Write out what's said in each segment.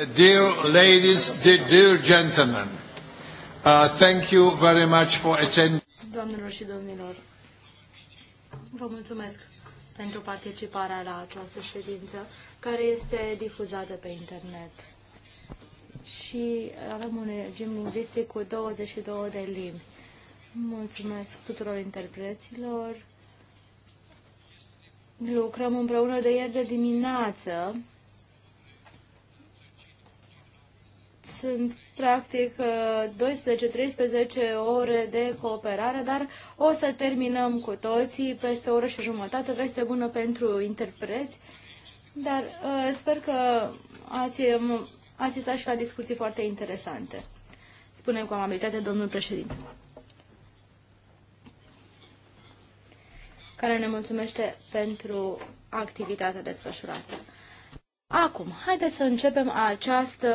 Dear ladies, dear gentlemen, uh, thank you very much for attending. Doamnelor și domnilor, vă mulțumesc pentru participarea la această ședință care este difuzată pe internet. Și avem un regim lingvistic cu 22 de limbi. Mulțumesc tuturor interpreților. Lucrăm împreună de ieri de dimineață sunt practic 12-13 ore de cooperare, dar o să terminăm cu toții peste o oră și jumătate, veste bună pentru interpreți, dar uh, sper că ați um, asistat și la discuții foarte interesante. Spunem cu amabilitate, domnul președinte. care ne mulțumește pentru activitatea desfășurată. Acum, haideți să începem această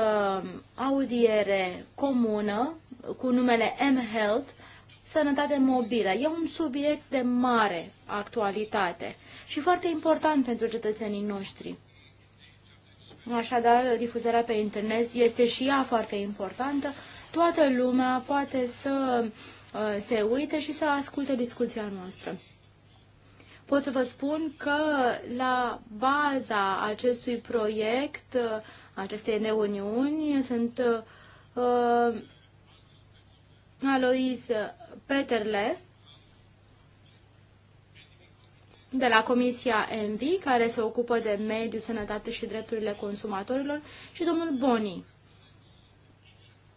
audiere comună cu numele M Health, sănătate mobilă. E un subiect de mare actualitate și foarte important pentru cetățenii noștri. Așadar, difuzarea pe internet este și ea foarte importantă. Toată lumea poate să uh, se uite și să asculte discuția noastră pot să vă spun că la baza acestui proiect, acestei reuniuni, sunt uh, Alois Peterle de la Comisia ENVI, care se ocupă de mediu, sănătate și drepturile consumatorilor, și domnul Boni,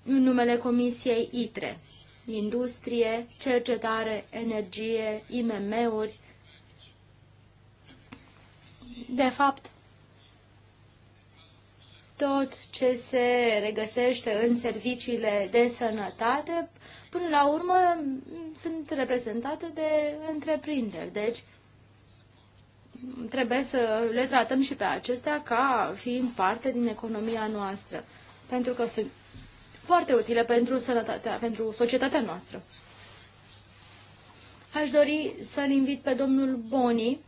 în numele Comisiei ITRE, Industrie, Cercetare, Energie, IMM-uri, de fapt, tot ce se regăsește în serviciile de sănătate, până la urmă, sunt reprezentate de întreprinderi. Deci, trebuie să le tratăm și pe acestea ca fiind parte din economia noastră, pentru că sunt foarte utile pentru sănătatea, pentru societatea noastră. Aș dori să-l invit pe domnul Boni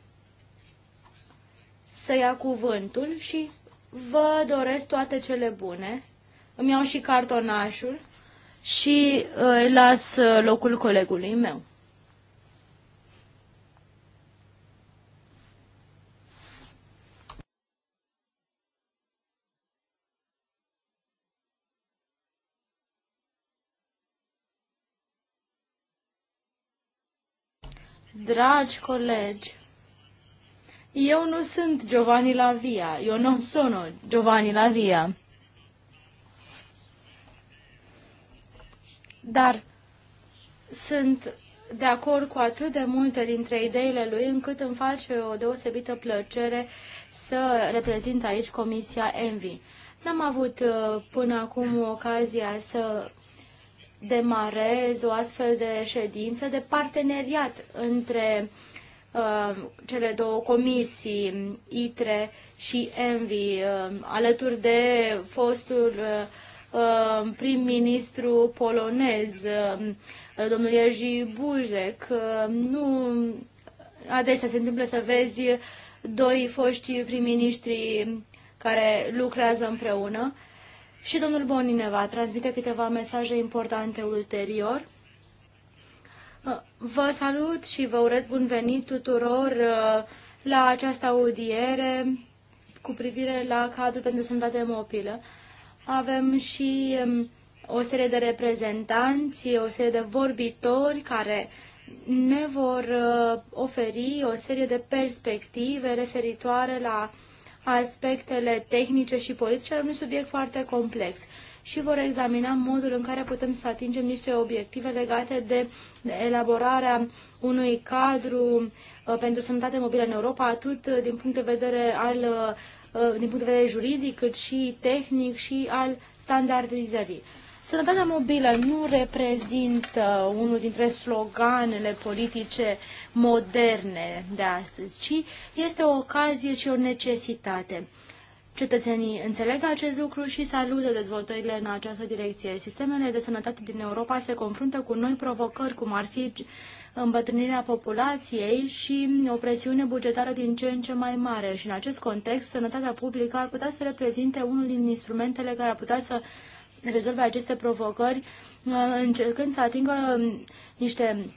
să ia cuvântul și vă doresc toate cele bune. Îmi iau și cartonașul și uh, îi las uh, locul colegului meu. Dragi colegi, eu nu sunt Giovanni La Via, eu nu sono Giovanni La Via. Dar sunt de acord cu atât de multe dintre ideile lui, încât îmi face o deosebită plăcere să reprezint aici Comisia Envi. N-am avut uh, până acum ocazia să demarez o astfel de ședință de parteneriat între uh, uh, cele două comisii, ITRE și ENVI, uh, alături de fostul uh, uh, prim-ministru polonez, uh, domnul Jerzy Buzek. Uh, nu adesea se întâmplă să vezi doi foști prim-ministri care lucrează împreună. Și domnul Bonine va transmite câteva mesaje importante ulterior. Vă salut și vă urez bun venit tuturor uh, la această audiere cu privire la cadrul pentru sănătate mobilă. Avem și um, o serie de reprezentanți, o serie de vorbitori care ne vor uh, oferi o serie de perspective referitoare la aspectele tehnice și politice, un subiect foarte complex și vor examina modul în care putem să atingem niște obiective legate de elaborarea unui cadru uh, pentru sănătate mobilă în Europa, atât din punct de vedere al uh, uh, din punct de vedere juridic, cât și tehnic și al standardizării. Sănătatea mobilă nu reprezintă unul dintre sloganele politice moderne de astăzi, ci este o ocazie și o necesitate. Cetățenii înțeleg acest lucru și salută dezvoltările în această direcție. Sistemele de sănătate din Europa se confruntă cu noi provocări, cum ar fi îmbătrânirea populației și o presiune bugetară din ce în ce mai mare. Și în acest context, sănătatea publică ar putea să reprezinte unul din instrumentele care ar putea să rezolve aceste provocări, încercând să atingă niște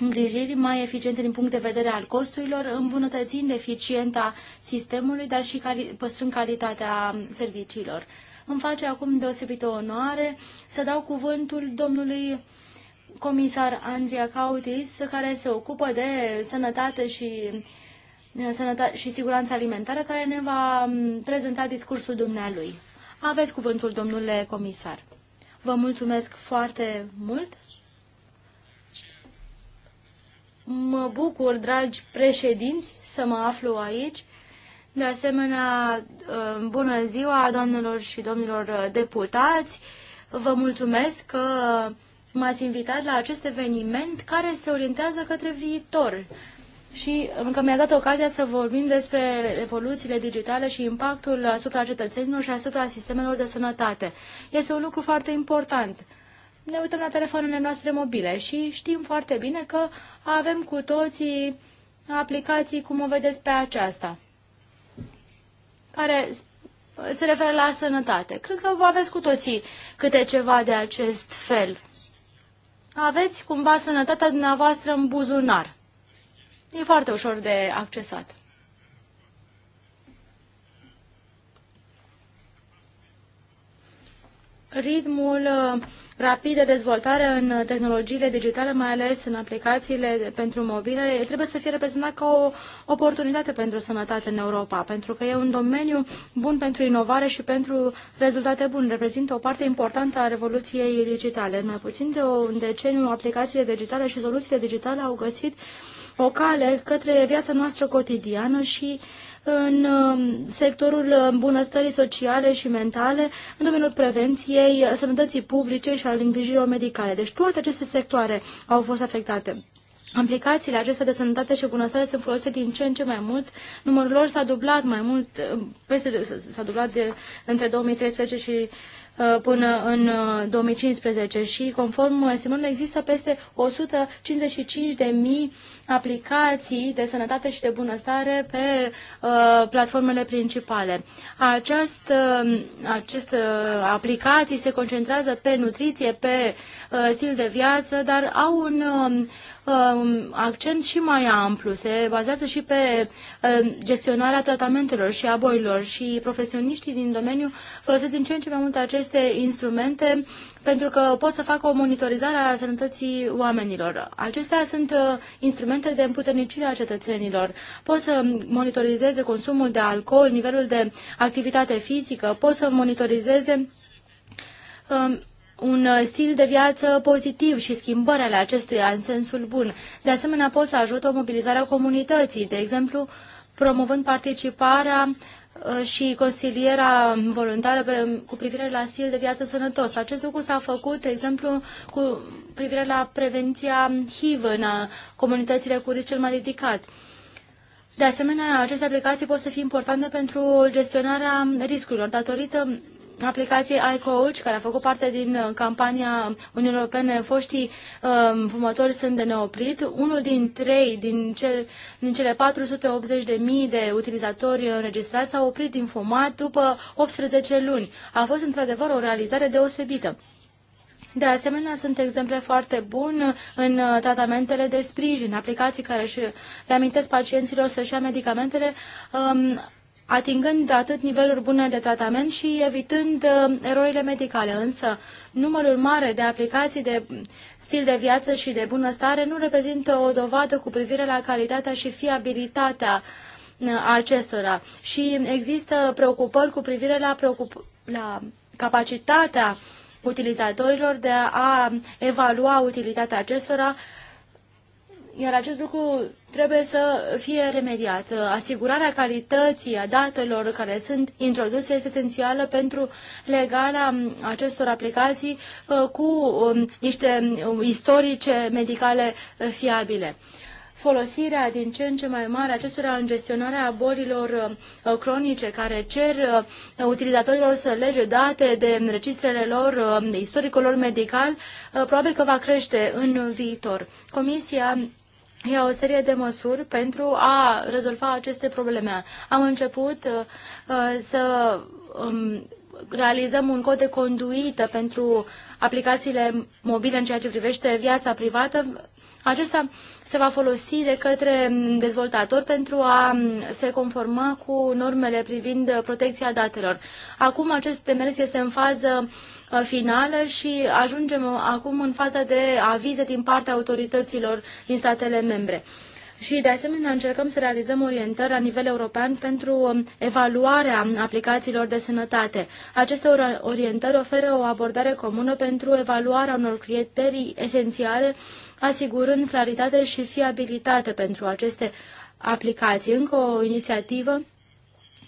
îngrijiri mai eficiente din punct de vedere al costurilor, îmbunătățind eficienta sistemului, dar și cali- păstrând calitatea serviciilor. Îmi face acum deosebită onoare să dau cuvântul domnului comisar Andria Cautis, care se ocupă de sănătate și, sănătate și siguranță alimentară, care ne va prezenta discursul dumnealui. Aveți cuvântul, domnule comisar. Vă mulțumesc foarte mult Mă bucur, dragi președinți, să mă aflu aici. De asemenea, uh, bună ziua doamnelor și domnilor deputați. Vă mulțumesc că m-ați invitat la acest eveniment care se orientează către viitor și uh, că mi-a dat ocazia să vorbim despre evoluțiile digitale și impactul asupra cetățenilor și asupra sistemelor de sănătate. Este un lucru foarte important. Ne uităm la telefoanele noastre mobile și știm foarte bine că avem cu toții aplicații, cum o vedeți pe aceasta, care se referă la sănătate. Cred că vă aveți cu toții câte ceva de acest fel. Aveți cumva sănătatea dumneavoastră în buzunar. E foarte ușor de accesat. ritmul uh, rapid de dezvoltare în uh, tehnologiile digitale, mai ales în aplicațiile pentru mobile, trebuie să fie reprezentat ca o oportunitate pentru sănătate în Europa, pentru că e un domeniu bun pentru inovare și pentru rezultate bune. Reprezintă o parte importantă a revoluției digitale. În mai puțin de un deceniu, aplicațiile digitale și soluțiile digitale au găsit o cale către viața noastră cotidiană și uh, în um, sectorul um, bunăstării sociale și mentale, în domeniul prevenției, uh, sănătății publice și al îngrijirilor medicale. Deci toate aceste sectoare au fost afectate. Aplicațiile acestea de sănătate și bunăstare sunt folosite din ce în ce mai mult. Numărul lor s-a dublat mai mult, uh, peste, s-a dublat de, între 2013 și Uh, până în 2015 uh, și conform estimărilor există peste 155 de mii aplicații de sănătate și de bunăstare pe uh, platformele principale. Acest, uh, aceste uh, aplicații se concentrează pe nutriție, pe uh, stil de viață, dar au un uh, accent și mai amplu. Se bazează și pe uh, gestionarea tratamentelor și a bolilor și profesioniștii din domeniu folosesc din ce în ce mai mult acest aceste instrumente pentru că pot să facă o monitorizare a sănătății oamenilor. Acestea sunt uh, instrumente de împuternicire a cetățenilor. Pot să monitorizeze consumul de alcool, nivelul de activitate fizică, pot să monitorizeze um, un uh, stil de viață pozitiv și schimbări ale acestuia în sensul bun. De asemenea, pot să ajute o mobilizare a comunității, de exemplu, promovând participarea Uh, și consiliera voluntară pe, cu privire la stil de viață sănătos. Acest lucru s-a făcut, de exemplu, cu privire la prevenția HIV în uh, comunitățile cu risc cel mai ridicat. De asemenea, aceste aplicații pot să fie importante pentru gestionarea riscurilor, datorită aplicației iCoach, care a făcut parte din uh, campania Uniunii Europene, foștii um, fumători sunt de neoprit. Unul din trei din, cel, din cele 480.000 de utilizatori înregistrați s-au oprit din fumat după 18 luni. A fost într-adevăr o realizare deosebită. De asemenea, sunt exemple foarte bune în uh, tratamentele de sprijin, aplicații care își reamintesc pacienților să-și ia medicamentele um, atingând atât niveluri bune de tratament și evitând uh, erorile medicale. Însă, numărul mare de aplicații de stil de viață și de bunăstare nu reprezintă o dovadă cu privire la calitatea și fiabilitatea uh, acestora și există preocupări cu privire la, preocup- la capacitatea utilizatorilor de a evalua utilitatea acestora iar acest lucru trebuie să fie remediat. Asigurarea calității a datelor care sunt introduse este esențială pentru legarea acestor aplicații uh, cu um, niște um, istorice medicale fiabile folosirea din ce în ce mai mare acestora în gestionarea bolilor uh, cronice care cer uh, utilizatorilor să lege date de registrele lor, de istoricul lor medical, probabil că va crește în viitor. Comisia ia o serie de măsuri pentru a rezolva aceste probleme. Am început uh, uh, să um, realizăm un cod de conduită pentru aplicațiile mobile în ceea ce privește viața privată. Acesta se va folosi de către mm, dezvoltator pentru a mm, se conforma cu normele privind protecția datelor. Acum acest demers este în fază uh, finală și ajungem uh, acum în faza de avize din partea autorităților din statele membre. Și, de asemenea, încercăm să realizăm orientări la nivel european pentru um, evaluarea aplicațiilor de sănătate. Aceste orientări oferă o abordare comună pentru evaluarea unor criterii esențiale asigurând claritate și fiabilitate pentru aceste aplicații. Încă o inițiativă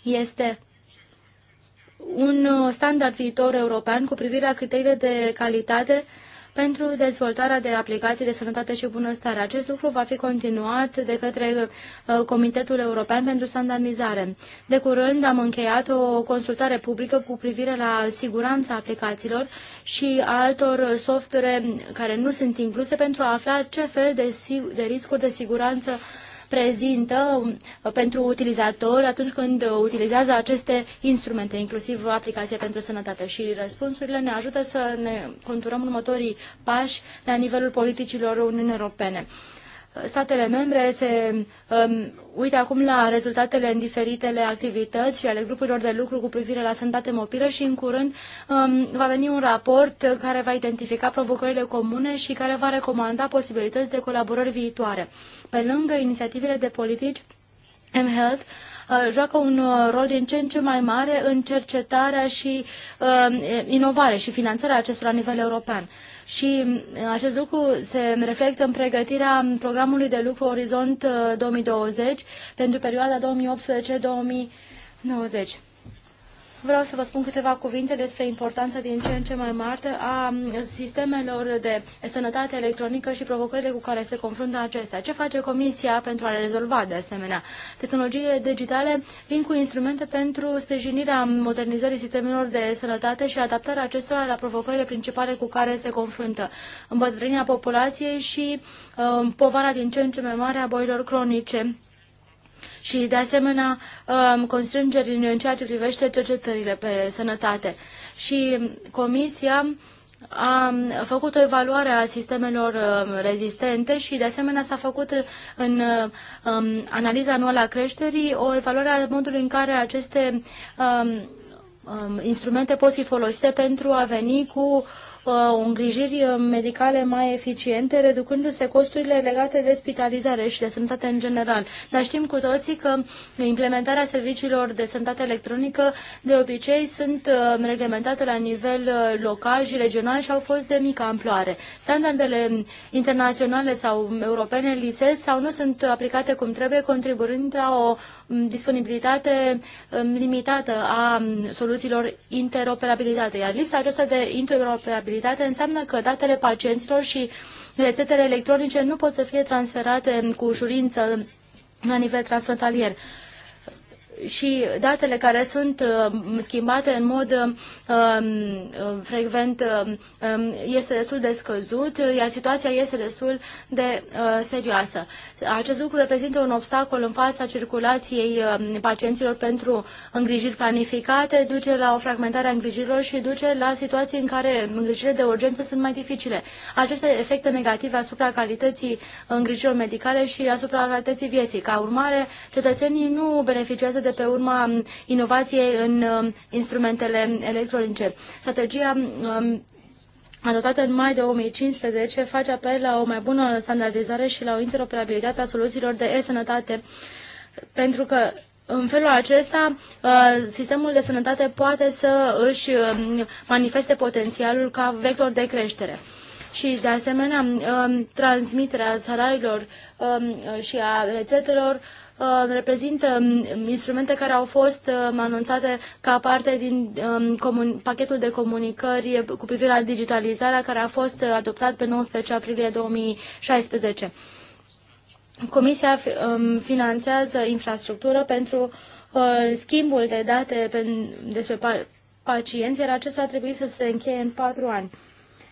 este un standard viitor european cu privire la criteriile de calitate pentru dezvoltarea de aplicații de sănătate și bunăstare. Acest lucru va fi continuat de către uh, Comitetul European pentru Standardizare. De curând am încheiat o consultare publică cu privire la siguranța aplicațiilor și altor software care nu sunt incluse pentru a afla ce fel de, de riscuri de siguranță prezintă uh, pentru utilizator atunci când utilizează aceste instrumente, inclusiv aplicația pentru sănătate. Și răspunsurile ne ajută să ne conturăm următorii pași la nivelul politicilor Uniunii Europene statele membre se um, uită acum la rezultatele în diferitele activități și ale grupurilor de lucru cu privire la sănătate mobilă și în curând um, va veni un raport care va identifica provocările comune și care va recomanda posibilități de colaborări viitoare. Pe lângă inițiativele de politici, mHealth uh, joacă un uh, rol din ce în ce mai mare în cercetarea și uh, inovare și finanțarea acestora la nivel european și acest lucru se reflectă în pregătirea programului de lucru Orizont 2020 uh, pentru perioada 2018-2020 vreau să vă spun câteva cuvinte despre importanța din ce în ce mai mare a sistemelor de sănătate electronică și provocările cu care se confruntă acestea. Ce face Comisia pentru a le rezolva de asemenea? Tehnologiile digitale vin cu instrumente pentru sprijinirea modernizării sistemelor de sănătate și adaptarea acestora la provocările principale cu care se confruntă. Îmbătrânirea populației și uh, povara din ce în ce mai mare a bolilor cronice și, de asemenea, um, constrângeri în ceea ce privește cercetările pe sănătate. Și Comisia a făcut o evaluare a sistemelor um, rezistente și, de asemenea, s-a făcut în um, analiza anuală a creșterii o evaluare a modului în care aceste instrumente pot fi folosite pentru a veni cu uh, îngrijiri medicale mai eficiente, reducându-se costurile legate de spitalizare și de sănătate în general. Dar știm cu toții că implementarea serviciilor de sănătate electronică de obicei sunt uh, reglementate la nivel uh, local și regional și au fost de mică amploare. Standardele internaționale sau europene lipsesc sau nu sunt aplicate cum trebuie, contribuind la o Um, disponibilitate um, limitată a um, soluțiilor interoperabilitate. Iar lista aceasta de interoperabilitate înseamnă că datele pacienților și rețetele electronice nu pot să fie transferate cu ușurință la nivel transfrontalier și datele care sunt uh, schimbate în mod uh, um, uh, frecvent um, este destul de scăzut, iar situația este destul de serioasă. Acest lucru reprezintă un obstacol în fața circulației um, pacienților pentru îngrijiri planificate, duce la o fragmentare a îngrijirilor și duce la situații în care îngrijirile de urgență sunt mai dificile. Aceste efecte negative asupra calității îngrijirilor medicale și asupra calității vieții. Ca urmare, cetățenii nu beneficiază de pe urma inovației în um, instrumentele electronice. Strategia um, adoptată în mai 2015 face apel la o mai bună standardizare și la o interoperabilitate a soluțiilor de e-sănătate, pentru că în felul acesta, uh, sistemul de sănătate poate să își um, manifeste potențialul ca vector de creștere și, de asemenea, um, transmiterea salariilor um, și a rețetelor um, reprezintă instrumente care au fost anunțate ca parte din pachetul de comunicări cu privire la digitalizarea care a fost adoptat pe 19 aprilie 2016. Comisia finanțează infrastructură pentru uh, schimbul de date despre pacienți, iar acesta trebuie să se încheie în patru ani.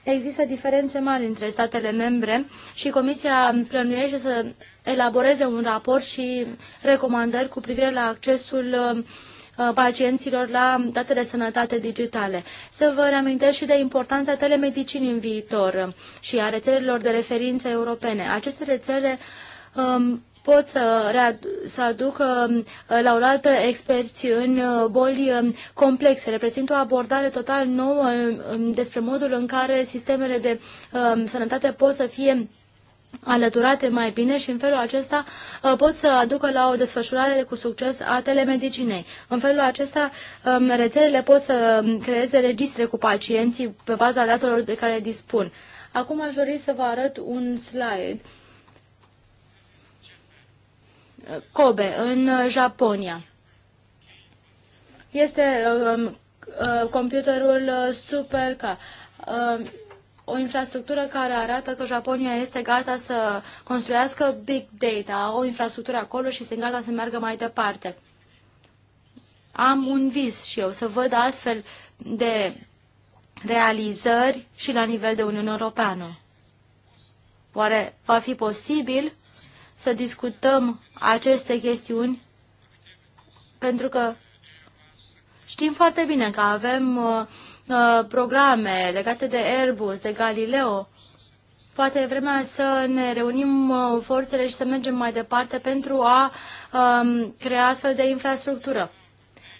Există diferențe mari între statele membre și Comisia plănuiește să elaboreze un raport și recomandări cu privire la accesul uh, pacienților la date de sănătate digitale. Să vă reamintesc și de importanța telemedicinii în viitor și a rețelelor de referință europene. Aceste rețele um, pot să, să aducă ă, la oaltă experți în ă, boli ă, complexe. Reprezintă o abordare total nouă despre modul în care sistemele de sănătate pot să fie alăturate mai bine și în felul acesta pot să aducă la o desfășurare cu succes a telemedicinei. În felul acesta rețelele pot să creeze registre cu pacienții pe baza datelor de care dispun. Acum aș dori să vă arăt un slide Kobe, în uh, Japonia. Este um, uh, computerul uh, Superca, um, o infrastructură care arată că Japonia este gata să construiască big data, o infrastructură acolo și este gata să meargă mai departe. Am un vis și eu să văd astfel de realizări și la nivel de Uniunea Europeană. Oare va fi posibil să discutăm aceste chestiuni, pentru că știm foarte bine că avem uh, uh, programe legate de Airbus, de Galileo. Poate e vremea să ne reunim uh, forțele și să mergem mai departe pentru a uh, crea astfel de infrastructură.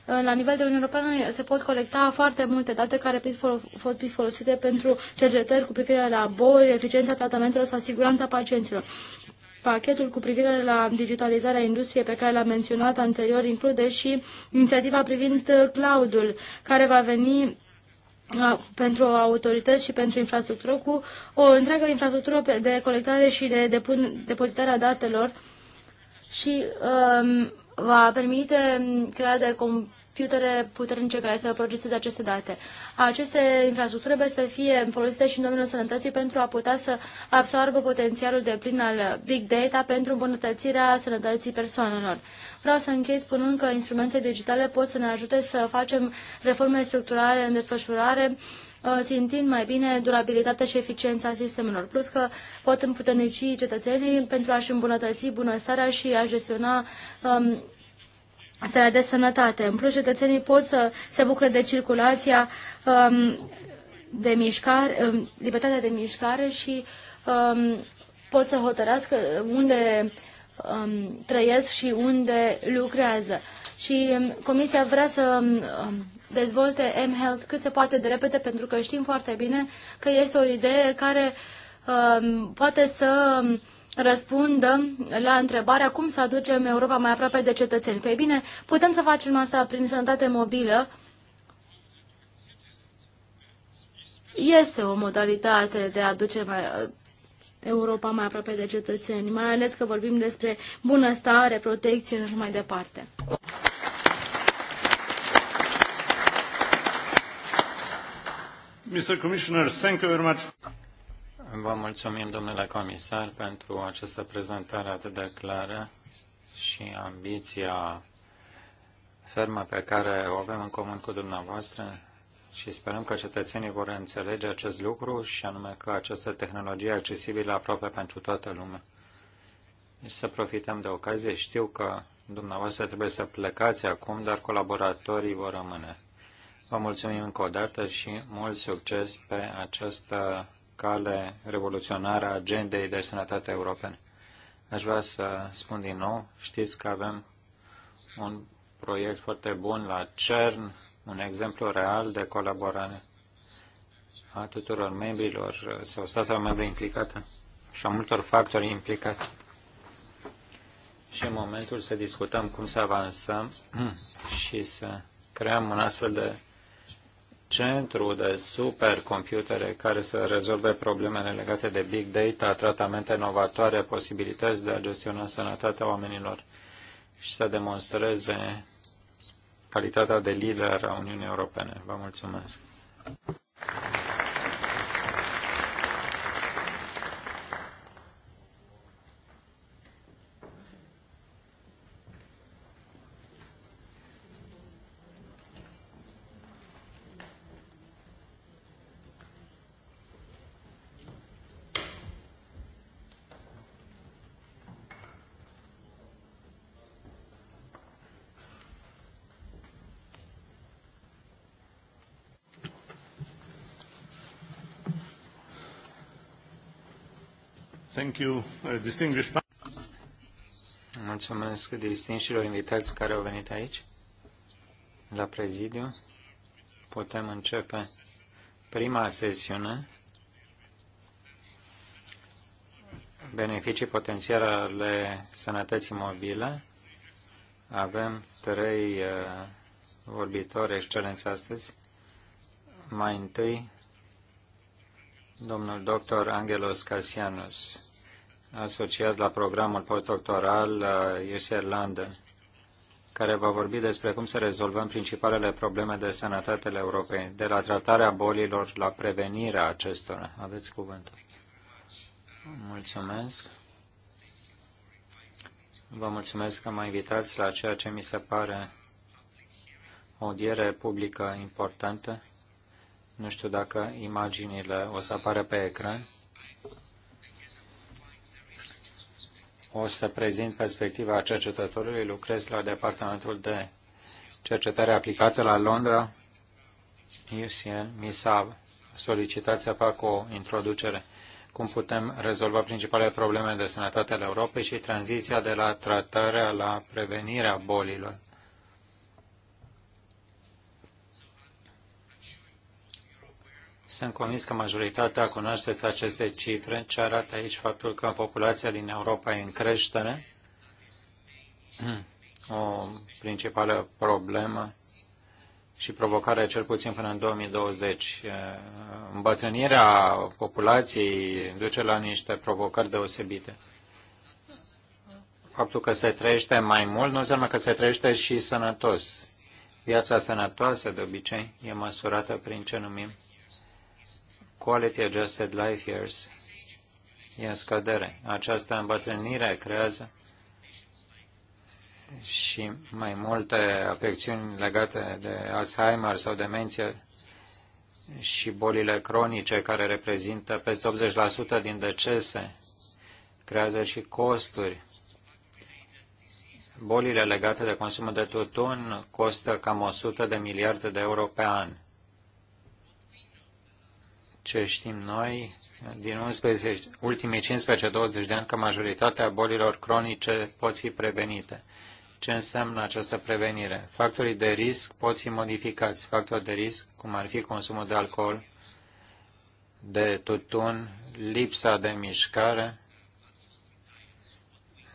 Uh, la nivel de Uniune Europeană se pot colecta foarte multe date care pot fi folosite pentru cercetări cu privire la boli, eficiența tratamentelor sau siguranța pacienților. Pachetul cu privire la digitalizarea industriei pe care l-am menționat anterior include și inițiativa privind uh, cloudul, care va veni uh, pentru autorități și pentru infrastructură cu o întreagă infrastructură de colectare și de depun, depozitarea datelor și um, va permite um, crearea de computere puternice care să proceseze aceste date. Aceste infrastructuri trebuie să fie folosite și în domeniul sănătății pentru a putea să absorbă potențialul de plin al big data pentru îmbunătățirea sănătății persoanelor. Vreau să închei spunând că instrumente digitale pot să ne ajute să facem reforme structurale în desfășurare, uh, țintind mai bine durabilitatea și eficiența sistemelor, plus că pot împuternici cetățenii pentru a-și îmbunătăți bunăstarea și a gestiona um, să de sănătate. În plus, cetățenii pot să se bucure de circulația, um, de mișcare, um, libertatea de mișcare și um, pot să hotărească unde trăiesc și unde lucrează. Și Comisia vrea să dezvolte mHealth cât se poate de repede, pentru că știm foarte bine că este o idee care poate să răspundă la întrebarea cum să aducem Europa mai aproape de cetățeni. Păi bine, putem să facem asta prin sănătate mobilă. Este o modalitate de a aduce mai, Europa mai aproape de cetățeni, mai ales că vorbim despre bunăstare, protecție și mai departe. Mr. Commissioner, thank you very much. Vă mulțumim, domnule comisar, pentru această prezentare atât de clară și ambiția fermă pe care o avem în comun cu dumneavoastră și sperăm că cetățenii vor înțelege acest lucru și anume că această tehnologie e accesibilă aproape pentru toată lumea. Deci să profităm de ocazie. Știu că dumneavoastră trebuie să plecați acum, dar colaboratorii vor rămâne. Vă mulțumim încă o dată și mult succes pe această cale revoluționară a agendei de sănătate europene. Aș vrea să spun din nou, știți că avem un proiect foarte bun la CERN, un exemplu real de colaborare a tuturor membrilor sau statelor membre implicate și a multor factori implicați. Și în momentul să discutăm cum să avansăm și să creăm un astfel de centru de supercomputere care să rezolve problemele legate de big data, tratamente inovatoare, posibilități de a gestiona sănătatea oamenilor și să demonstreze calitatea de lider a Uniunii Europene. Vă mulțumesc! Thank you, uh, distinguished Mulțumesc distinșilor invitați care au venit aici, la prezidiu. Putem începe prima sesiune, beneficii potențiale ale sănătății mobile. Avem trei uh, vorbitori excelenți astăzi. Mai întâi, domnul doctor Angelos Casianus, asociat la programul postdoctoral UCL uh, London, care va vorbi despre cum să rezolvăm principalele probleme de sănătate ale Europei, de la tratarea bolilor la prevenirea acestora. Aveți cuvântul. Mulțumesc. Vă mulțumesc că mă invitați la ceea ce mi se pare o audiere publică importantă. Nu știu dacă imaginile o să apară pe ecran o să prezint perspectiva cercetătorului. Lucrez la Departamentul de Cercetare Aplicată la Londra. UCL mi s-a solicitat să fac o introducere cum putem rezolva principalele probleme de sănătate ale Europei și tranziția de la tratarea la prevenirea bolilor. Sunt convins că majoritatea cunoașteți aceste cifre, ce arată aici faptul că populația din Europa e în creștere. O principală problemă și provocarea cel puțin până în 2020. Îmbătrânirea populației duce la niște provocări deosebite. Faptul că se trăiește mai mult nu înseamnă că se trăiește și sănătos. Viața sănătoasă, de obicei, e măsurată prin ce numim Quality Adjusted Life Years e în scădere. Această îmbătrânire creează și mai multe afecțiuni legate de Alzheimer sau demenție și bolile cronice care reprezintă peste 80% din decese, creează și costuri. Bolile legate de consumul de tutun costă cam 100 de miliarde de euro pe an ce știm noi din 11, ultimii 15-20 de ani că majoritatea bolilor cronice pot fi prevenite. Ce înseamnă această prevenire? Factorii de risc pot fi modificați. Factori de risc, cum ar fi consumul de alcool, de tutun, lipsa de mișcare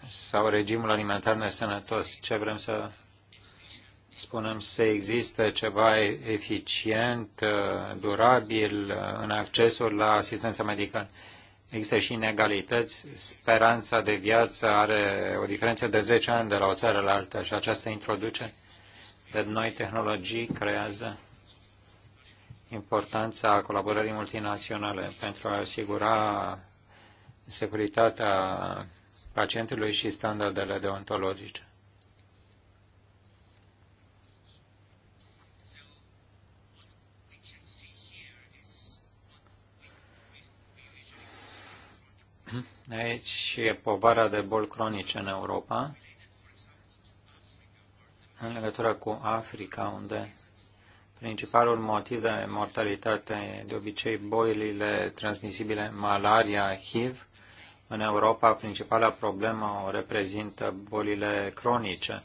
sau regimul alimentar nesănătos. Ce vrem să spunem, să existe ceva eficient, uh, durabil uh, în accesul la asistența medicală. Există și inegalități. Speranța de viață are o diferență de 10 ani de la o țară la alta și această introduce de noi tehnologii creează importanța colaborării multinaționale pentru a asigura securitatea pacientului și standardele deontologice. Aici e povara de boli cronice în Europa, în legătură cu Africa, unde principalul motiv de mortalitate, de obicei bolile transmisibile, malaria, HIV, în Europa principala problemă o reprezintă bolile cronice.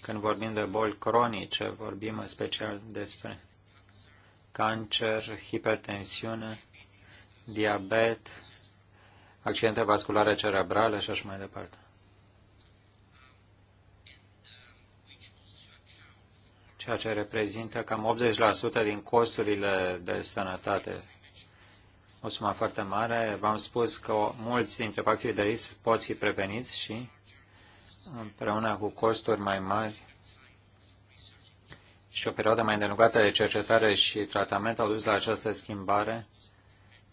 Când vorbim de boli cronice, vorbim în special despre cancer, hipertensiune, diabet, accidente vasculare cerebrale și așa mai departe. ceea ce reprezintă cam 80% din costurile de sănătate. O sumă foarte mare. V-am spus că mulți dintre factorii de risc pot fi preveniți și împreună cu costuri mai mari și o perioadă mai îndelungată de cercetare și tratament au dus la această schimbare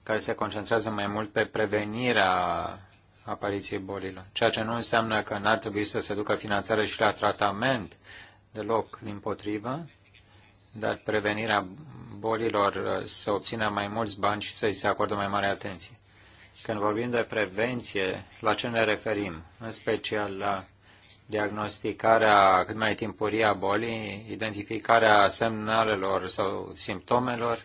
care se concentrează mai mult pe prevenirea apariției bolilor, ceea ce nu înseamnă că n-ar trebui să se ducă finanțare și la tratament deloc din potrivă, dar prevenirea bolilor uh, să obțină mai mulți bani și să-i se acordă mai mare atenție. Când vorbim de prevenție, la ce ne referim? În special la diagnosticarea cât mai timpurie a bolii, identificarea semnalelor sau simptomelor,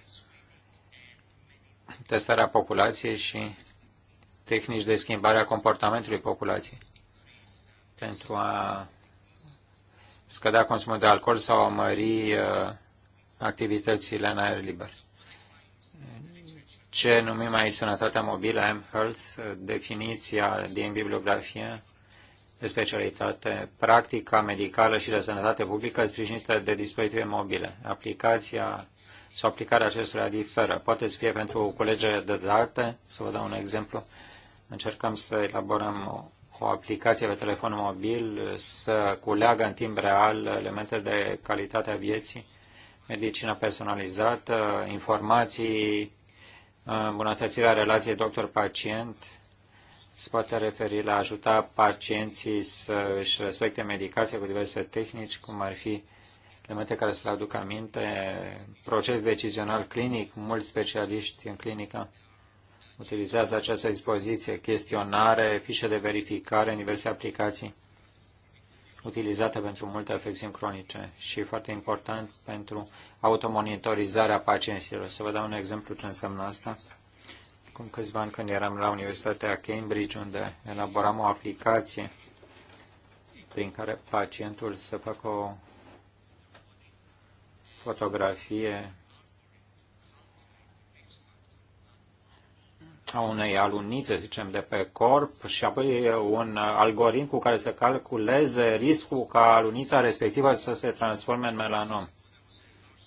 testarea populației și tehnici de schimbare a comportamentului populației pentru a scădea consumul de alcool sau a mări uh, activitățile în aer liber. Ce numim aici sănătatea mobilă, M-Health, definiția din bibliografie de specialitate, practica medicală și de sănătate publică sprijinită de dispozitive mobile, aplicația sau aplicarea acestora diferă. Poate să fie pentru o colegere de date, să vă dau un exemplu. Încercăm să elaborăm o, o aplicație pe telefon mobil să culeagă în timp real elemente de calitate a vieții, medicina personalizată, informații, îmbunătățirea relației doctor-pacient, se poate referi la ajuta pacienții să își respecte medicația cu diverse tehnici, cum ar fi elemente care să le aduc aminte, proces decizional clinic, mulți specialiști în clinică utilizează această dispoziție, chestionare, fișe de verificare în diverse aplicații utilizate pentru multe afecțiuni cronice și foarte important pentru automonitorizarea pacienților. Să vă dau un exemplu ce înseamnă asta. Cum câțiva ani când eram la Universitatea Cambridge, unde elaboram o aplicație prin care pacientul să facă o fotografie a unei alunițe, zicem, de pe corp și apoi un algoritm cu care să calculeze riscul ca alunița respectivă să se transforme în melanom.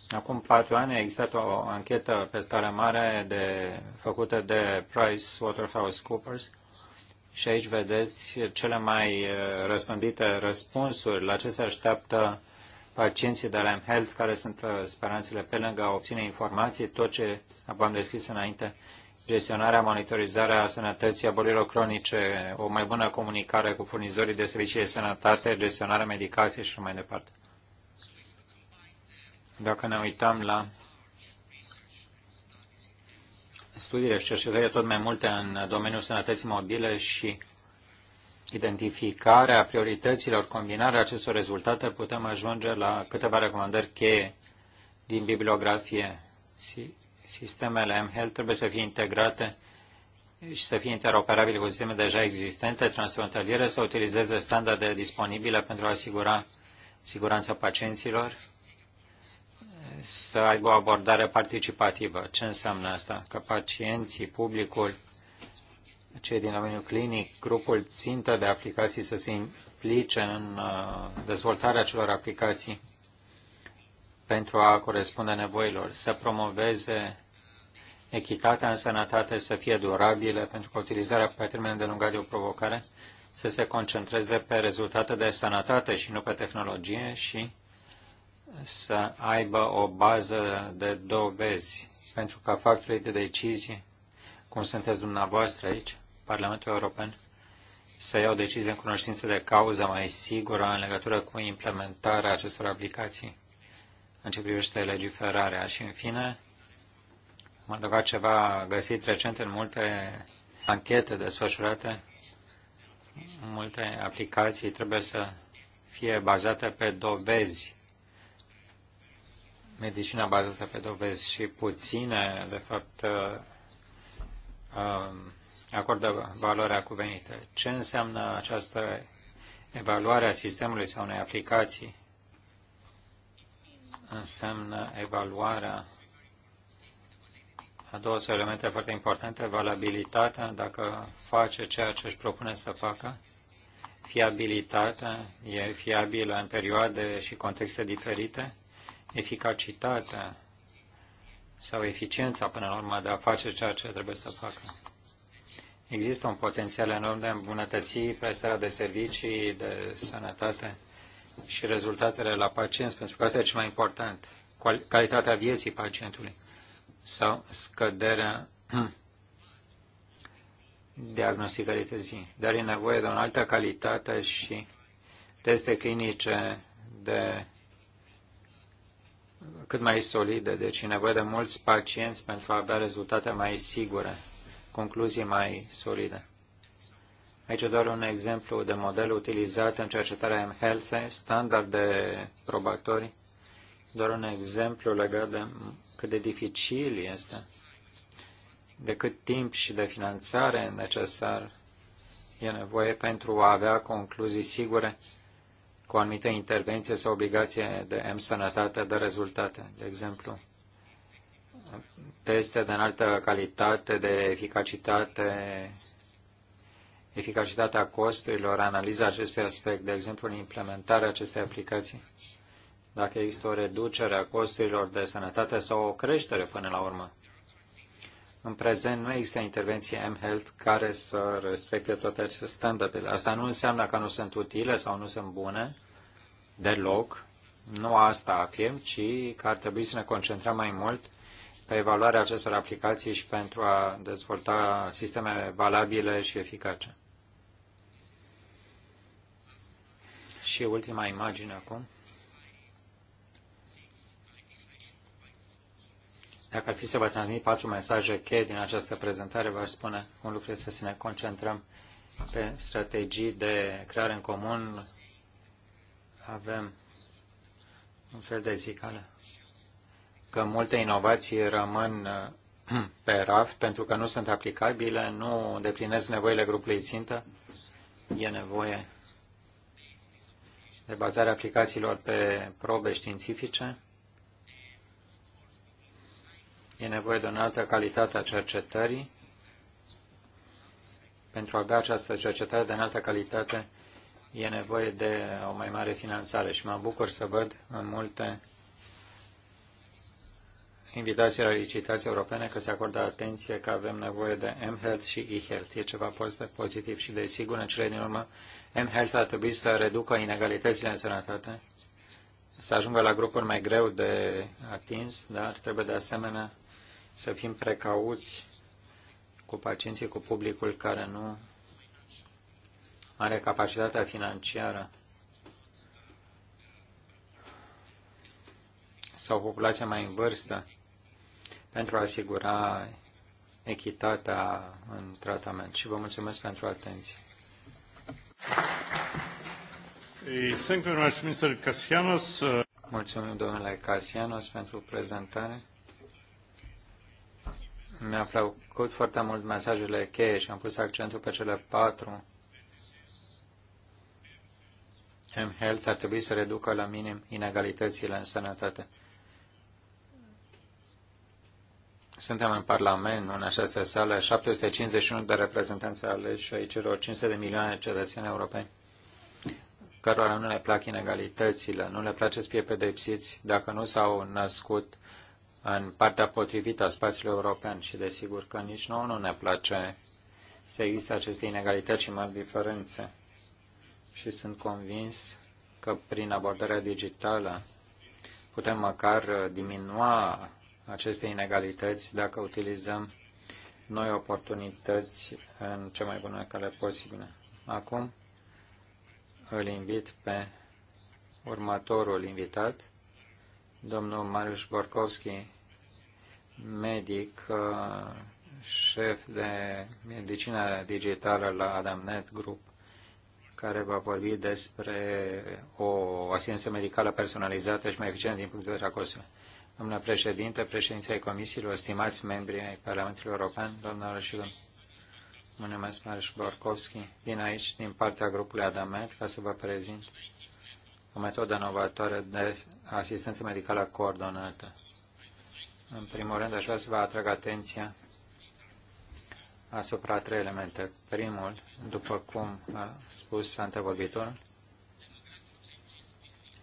Acum patru ani a existat o anchetă pe scară mare de, făcută de Price Waterhouse Coopers și aici vedeți cele mai eh, răspândite răspunsuri la ce se așteaptă pacienții de la mHealth, care sunt uh, speranțele pe lângă a obține informații, tot ce am descris înainte, gestionarea, monitorizarea sănătății a bolilor cronice, o mai bună comunicare cu furnizorii de servicii de sănătate, gestionarea medicației și mai departe. Dacă ne uităm la studiile și cercetările tot mai multe în domeniul sănătății mobile și identificarea priorităților, combinarea acestor rezultate, putem ajunge la câteva recomandări cheie din bibliografie. Sistemele mHealth trebuie să fie integrate și să fie interoperabile cu sisteme deja existente, transfrontaliere, să utilizeze standarde disponibile pentru a asigura siguranța pacienților, să aibă o abordare participativă. Ce înseamnă asta? Că pacienții, publicul, cei din domeniul clinic, grupul țintă de aplicații să se implice în uh, dezvoltarea celor aplicații pentru a corespunde nevoilor, să promoveze echitatea în sănătate să fie durabilă, pentru că utilizarea pe termen de lungă de o provocare să se concentreze pe rezultate de sănătate și nu pe tehnologie și să aibă o bază de dovezi pentru ca factorii de decizie, cum sunteți dumneavoastră aici, Parlamentul European să ia o decizie în cunoștință de cauză mai sigură în legătură cu implementarea acestor aplicații în ce privește legiferarea. Și, în fine, mă adăugat ceva găsit recent în multe anchete desfășurate. Multe aplicații trebuie să fie bazate pe dovezi. Medicina bazată pe dovezi și puține, de fapt, Um, acordă valoarea cuvenită. Ce înseamnă această evaluare a sistemului sau unei aplicații? Înseamnă evaluarea a două elemente foarte importante, valabilitatea, dacă face ceea ce își propune să facă, fiabilitatea, e fiabilă în perioade și contexte diferite, eficacitatea, sau eficiența până la urmă de a face ceea ce trebuie să facă. Există un potențial enorm de îmbunătăți prestarea de servicii, de sănătate și rezultatele la pacienți, pentru că asta e cel mai important, calitatea vieții pacientului sau scăderea diagnosticării târzii. Dar e nevoie de o altă calitate și teste clinice de cât mai solide, deci e nevoie de mulți pacienți pentru a avea rezultate mai sigure, concluzii mai solide. Aici doar un exemplu de model utilizat în cercetarea M-Health, standarde probatorii, doar un exemplu legat de cât de dificil este, de cât timp și de finanțare necesar e nevoie pentru a avea concluzii sigure cu anumite intervenții sau obligație de M-sănătate de rezultate. De exemplu, teste de înaltă calitate, de eficacitate, eficacitatea costurilor, analiza acestui aspect, de exemplu, în implementarea acestei aplicații, dacă există o reducere a costurilor de sănătate sau o creștere până la urmă. În prezent nu există intervenție M-Health care să respecte toate aceste standardele. Asta nu înseamnă că nu sunt utile sau nu sunt bune deloc. Nu asta afirm, ci că ar trebui să ne concentrăm mai mult pe evaluarea acestor aplicații și pentru a dezvolta sisteme valabile și eficace. Și ultima imagine acum. Dacă ar fi să vă transmit patru mesaje cheie din această prezentare, v-aș spune un lucru este să ne concentrăm pe strategii de creare în comun. Avem un fel de zicală că multe inovații rămân uh, pe raft pentru că nu sunt aplicabile, nu deplinesc nevoile grupului țintă. E nevoie de bazarea aplicațiilor pe probe științifice E nevoie de o înaltă calitate a cercetării. Pentru a avea această cercetare de înaltă calitate, e nevoie de o mai mare finanțare și mă bucur să văd în multe invitații la licitații europene că se acordă atenție că avem nevoie de mHealth și eHealth. E ceva pozitiv și desigur, în cele din urmă, mHealth ar trebui să reducă inegalitățile în sănătate, să ajungă la grupuri mai greu de atins, dar trebuie de asemenea să fim precauți cu pacienții, cu publicul care nu are capacitatea financiară sau populația mai în vârstă pentru a asigura echitatea în tratament. Și vă mulțumesc pentru atenție. Mulțumim, domnule Casianos, pentru prezentare. Mi-a plăcut foarte mult mesajele cheie și am pus accentul pe cele patru. M-Health ar trebui să reducă la minim inegalitățile în sănătate. Suntem în Parlament, în această sală, 751 de reprezentanți aleși aici celor 500 de milioane de cetățeni europeni cărora nu le plac inegalitățile, nu le place să fie pedepsiți dacă nu s-au născut uh, în partea potrivită a spațiului european și desigur că nici nouă nu ne place să există aceste inegalități și mari diferențe. Și sunt convins că prin abordarea digitală putem măcar uh, diminua aceste inegalități dacă utilizăm noi oportunități în cea mai bună cale posibilă. Acum îl invit pe următorul invitat, domnul Marius Borkovski, medic, uh, șef de medicină digitală la AdamNet Group, care va vorbi despre o asistență medicală personalizată și mai eficientă din punct de vedere al costului. Domnule președinte, președinția Comisiilor, stimați membri ai Parlamentului European, domnul și domnilor, mă numesc Marius Borkovski, vin aici din partea grupului AdamNet ca să vă prezint o metodă novatoare de asistență medicală coordonată. În primul rând, aș vrea să vă atrag atenția asupra trei elemente. Primul, după cum a spus antevorbitorul,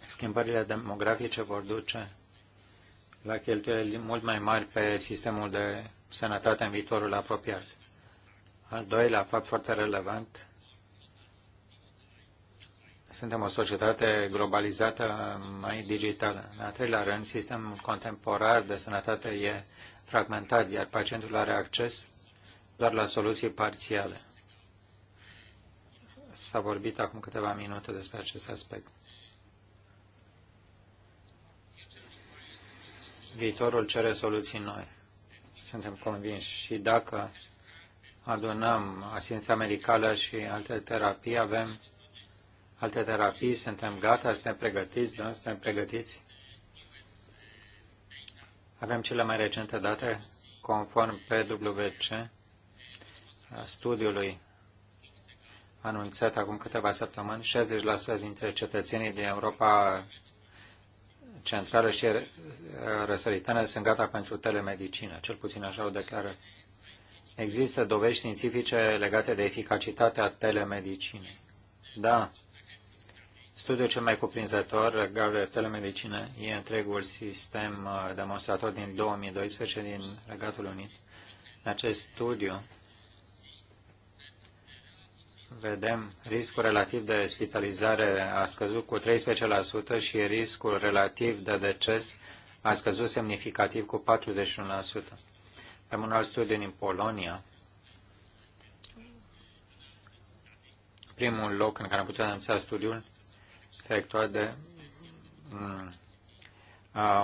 schimbările demografice vor duce la cheltuieli mult mai mari pe sistemul de sănătate în viitorul apropiat. Al doilea fapt foarte relevant, suntem o societate globalizată mai digitală. În al treilea rând, sistemul contemporan de sănătate e fragmentat, iar pacientul are acces doar la soluții parțiale. S-a vorbit acum câteva minute despre acest aspect. Viitorul cere soluții noi. Suntem convinși. Și dacă adunăm asistența medicală și alte terapii, avem alte terapii, suntem gata, suntem pregătiți, da? Suntem pregătiți. Avem cele mai recente date conform PWC studiului anunțat acum câteva săptămâni, 60% dintre cetățenii din Europa Centrală și uh, Răsăritană sunt gata pentru telemedicină, cel puțin așa o declară. Există dovești științifice legate de eficacitatea telemedicinei. Da, Studiul cel mai cuprinzător legat de telemedicină e întregul sistem uh, demonstrator din 2012 din Regatul Unit. În acest studiu vedem riscul relativ de spitalizare a scăzut cu 13% și riscul relativ de deces a scăzut semnificativ cu 41%. Avem un alt studiu din Polonia, primul loc în care am putut anunța studiul efectuat de mm,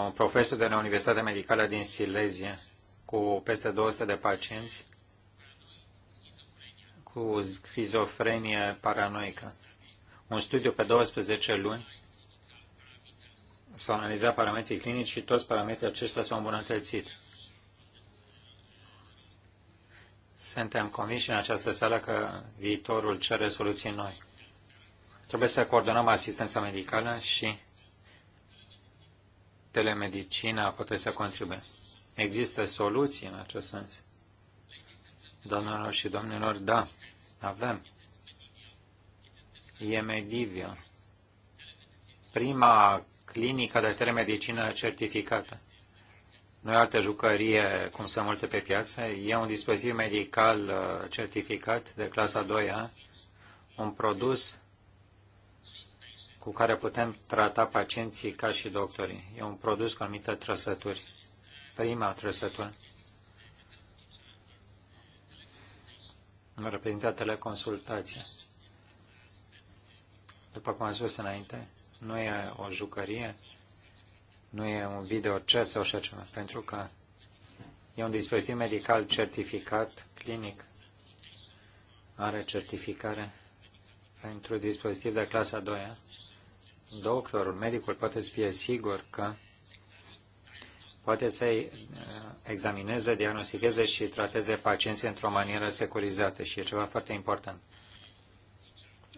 un profesor de la Universitatea Medicală din Silesia cu peste 200 de pacienți cu schizofrenie paranoică. Un studiu pe 12 luni s-au analizat parametrii clinici și toți parametrii aceștia s-au îmbunătățit. Suntem convinși în această sală că viitorul cere soluții noi. Trebuie să coordonăm asistența medicală și telemedicina poate să contribuie. Există soluții în acest sens. Domnilor și domnilor, da, avem. E Medivia, prima clinică de telemedicină certificată. Nu e altă jucărie, cum sunt multe pe piață. E un dispozitiv medical uh, certificat de clasa 2A, un produs cu care putem trata pacienții ca și doctorii. E un produs cu anumite trăsături. Prima trăsătură reprezintă teleconsultația. După cum am spus înainte, nu e o jucărie, nu e un videocert sau așa ceva, pentru că e un dispozitiv medical certificat clinic. Are certificare pentru dispozitiv de clasa 2 -a doctorul, medicul poate să fie sigur că poate să uh, examineze, diagnosticheze și trateze pacienții într-o manieră securizată și e ceva foarte important.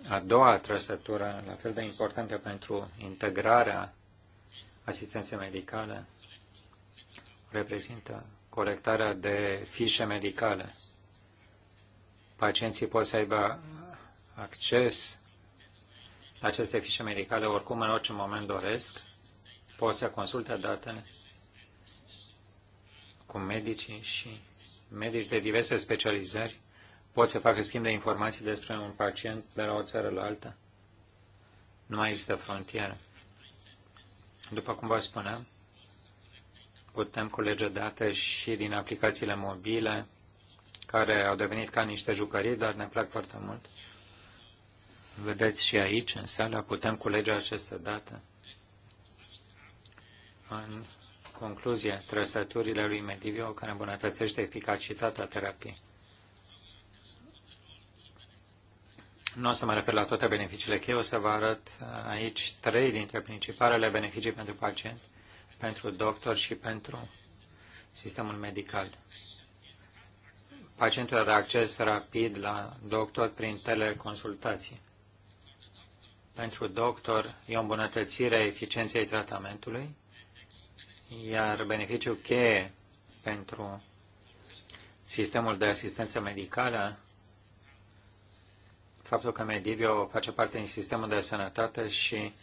A doua trăsătură, la fel de importantă pentru integrarea asistenței medicale, reprezintă colectarea de fișe medicale. Pacienții pot să aibă acces aceste fișe medicale oricum în orice moment doresc, pot să consulte datele cu medicii și medici de diverse specializări pot să facă schimb de informații despre un pacient de la o țară la alta. Nu mai există frontieră. După cum vă spuneam, putem culege date și din aplicațiile mobile, care au devenit ca niște jucării, dar ne plac foarte mult. Vedeți și aici, în sală, putem culege această dată. În concluzie, trăsăturile lui Medivio care îmbunătățește eficacitatea terapiei. Nu o să mă refer la toate beneficiile cheie, o să vă arăt uh, aici trei dintre principalele beneficii pentru pacient, pentru doctor și pentru sistemul medical. Pacientul are acces rapid la doctor prin teleconsultații. Pentru doctor e o îmbunătățire a eficienței tratamentului, iar beneficiul cheie pentru sistemul de asistență medicală, faptul că Medivio face parte din sistemul de sănătate și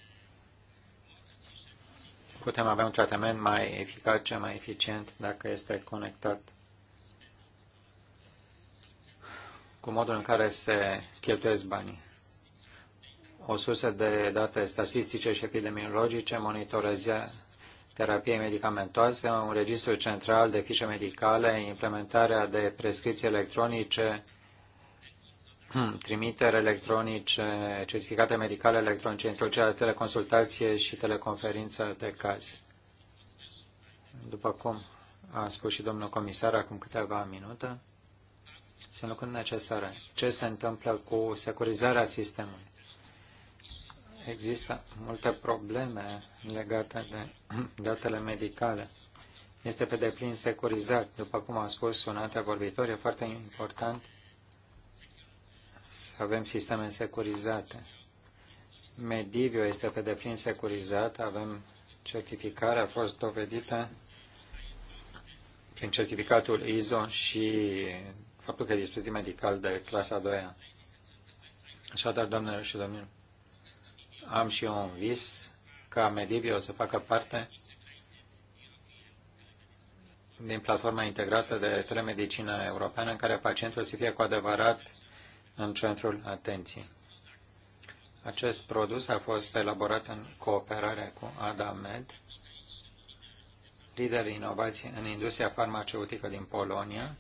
putem avea un tratament mai eficace, mai eficient dacă este conectat cu modul în care se cheltuiesc banii o sursă de date statistice și epidemiologice, monitorizează terapie medicamentoase, un registru central de fișe medicale, implementarea de prescripții electronice, trimiteri electronice, certificate medicale electronice, introducerea de teleconsultație și teleconferință de caz. După cum a spus și domnul comisar acum câteva minute, sunt lucruri necesare. Ce se întâmplă cu securizarea sistemului? există multe probleme legate de datele medicale. Este pe deplin securizat, după cum a spus un alt vorbitor, e foarte important să avem sisteme securizate. Medivio este pe deplin securizat, avem certificare, a fost dovedită prin certificatul ISO și faptul că e dispozitiv medical de clasa 2 -a. Așadar, doamnelor și domnilor, am și eu un vis ca Medivio să facă parte din platforma integrată de telemedicină europeană în care pacientul să fie cu adevărat în centrul atenției. Acest produs a fost elaborat în cooperare cu ADAMED, lider inovații în industria farmaceutică din Polonia